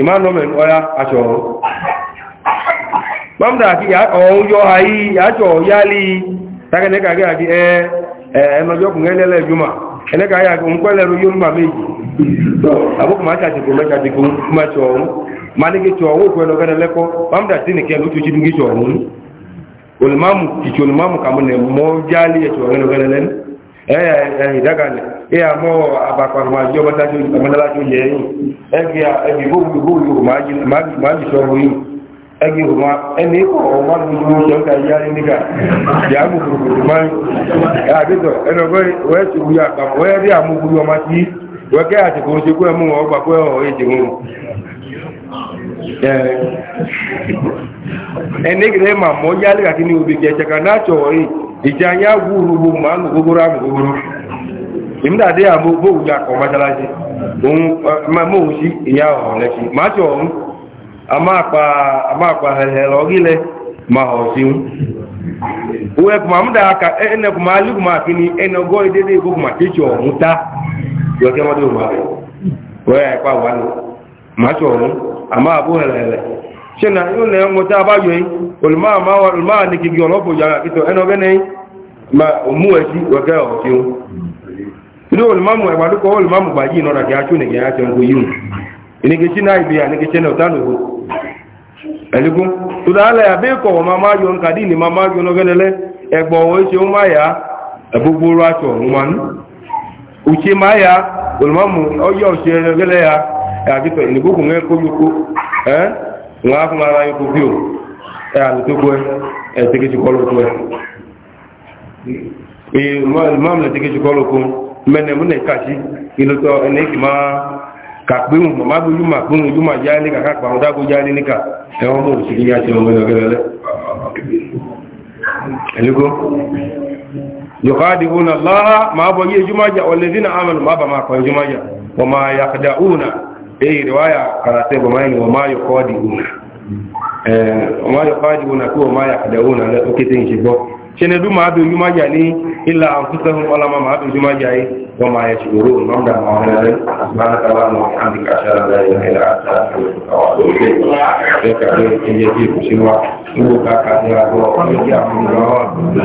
ìmá nọ́mẹ̀ ọya aṣọ ọ̀rọ̀. mọ́mdà kí ọ̀hún yọ ayé aṣọ yálí takẹ́lẹ́kàrí àti ẹ̀ẹ́nàjọ́kùn ẹlẹ́lẹ́ ìjọmà ẹlẹ́kàrí àti òun pẹ́lẹ́rú yóò mà méjì àbúkù máa ṣàṣìkò mẹ́ṣàṣìkò máa ṣọ ọ̀hún máa ní kí ṣọ ọ̀hún òkú ẹlọ́gẹ́rẹ́ lẹ́kọ́ mọ́mdà sí nìkẹ́ ló ṣojú ní kí olùmọ́mù ìṣòlùmọ́mù kàmúnẹ̀ mọ́ jálí ẹ̀ṣọ̀ ẹlọ́gẹ́rẹ́ Eh, eh, eh, ìdágalẹ̀ ẹ àmọ́ àbàpàmà jẹ́ ọmọdálájú yẹ yìí ẹgbẹ̀ gbogbo máàjì sọ́rọ̀ yìí ẹgbẹ̀ ọmọ ẹni ikọ̀ ọmọ gbogbo ṣọ́nkà yáyé nígbà yàmù gbogbo máa àbẹ́tọ̀ ẹnàgbẹ́ wẹ́ẹ̀sì wúyà àpapọ̀ wẹ́ẹ̀rí àmú gbogbo ọmọ tí wẹ́kẹ́ àtìkò ṣe kú ẹmú ọgbà pẹ́ ọ̀ èdè wọn ẹni gẹ̀rẹ́ màmọ́ yálẹ̀ àti ní obìnrin ẹ̀ṣẹ̀kà náà ṣọ̀wọ́ yìí ìjà anya wúrúgbó máa ń gbogbo rá gbogbo ìmúdàdé ya kọ̀ mọ́ṣáláṣí òun mọ́wó sí ìyá ọ̀hún lẹ́sí ma tí ọ̀hún a máa pa ẹ̀hẹ̀ lọ́gílẹ̀ máa họ̀ sí un òun ẹkùn máa múdà ma ẹnẹkùn máa lùkùn máa fi ọgọ́ ìdédé ọ̀hún yọkẹ́ wọ́n yà wà ní tí ọ̀hún ṣe na yóò lẹ́ ọmọ tí a bá yọ ya olùmáà ní kìkì ọ̀nà òpòjì ìtọ̀ ẹnà ọgẹ́ ní mú ẹ̀sí ọ̀gẹ́ o ní olùmáàmù ẹ̀gbàdúkọ olùmáàmù gbàyí ìnara kìí aṣọ nìkìí aṣọ yìí náà ibi náà tánù o ẹ̀lẹ́gún tó dáálẹ̀ àbẹ́ẹ̀kọ̀ ọmọ na yọ máa yọ lọ́gẹ́lẹ́lẹ́ máa yá gbogbo aṣọ ya nga kuma ara yoko fio e a luto kwe e teke chukolo kwe e mam le teke chukolo kwe mene mune kachi iluto ene kima kakpe mu mama bu yuma kpe mu yuma ya ni kaka kpa nda ko ya ni nika e wọn mo sigi ya ti o mele kelele eliko yukhadi'una allaha ma bo ye juma ja wal ladina amanu ma ba ma ko juma ja wa ma yaqda'una hii riwaya anasema maini wa mayo kodi una eh mayo kodi una kwa maya kadauna na ukitinje bo chene duma adu yuma jani illa anfusahum wala ma adu yuma jai wa ma yashurun mamda mawala subhanaka allahumma wa bihamdika ashhadu an la ilaha illa anta astaghfiruka wa atubu ilayk ya kabe inje kushimwa nduka kazi yako ya mungu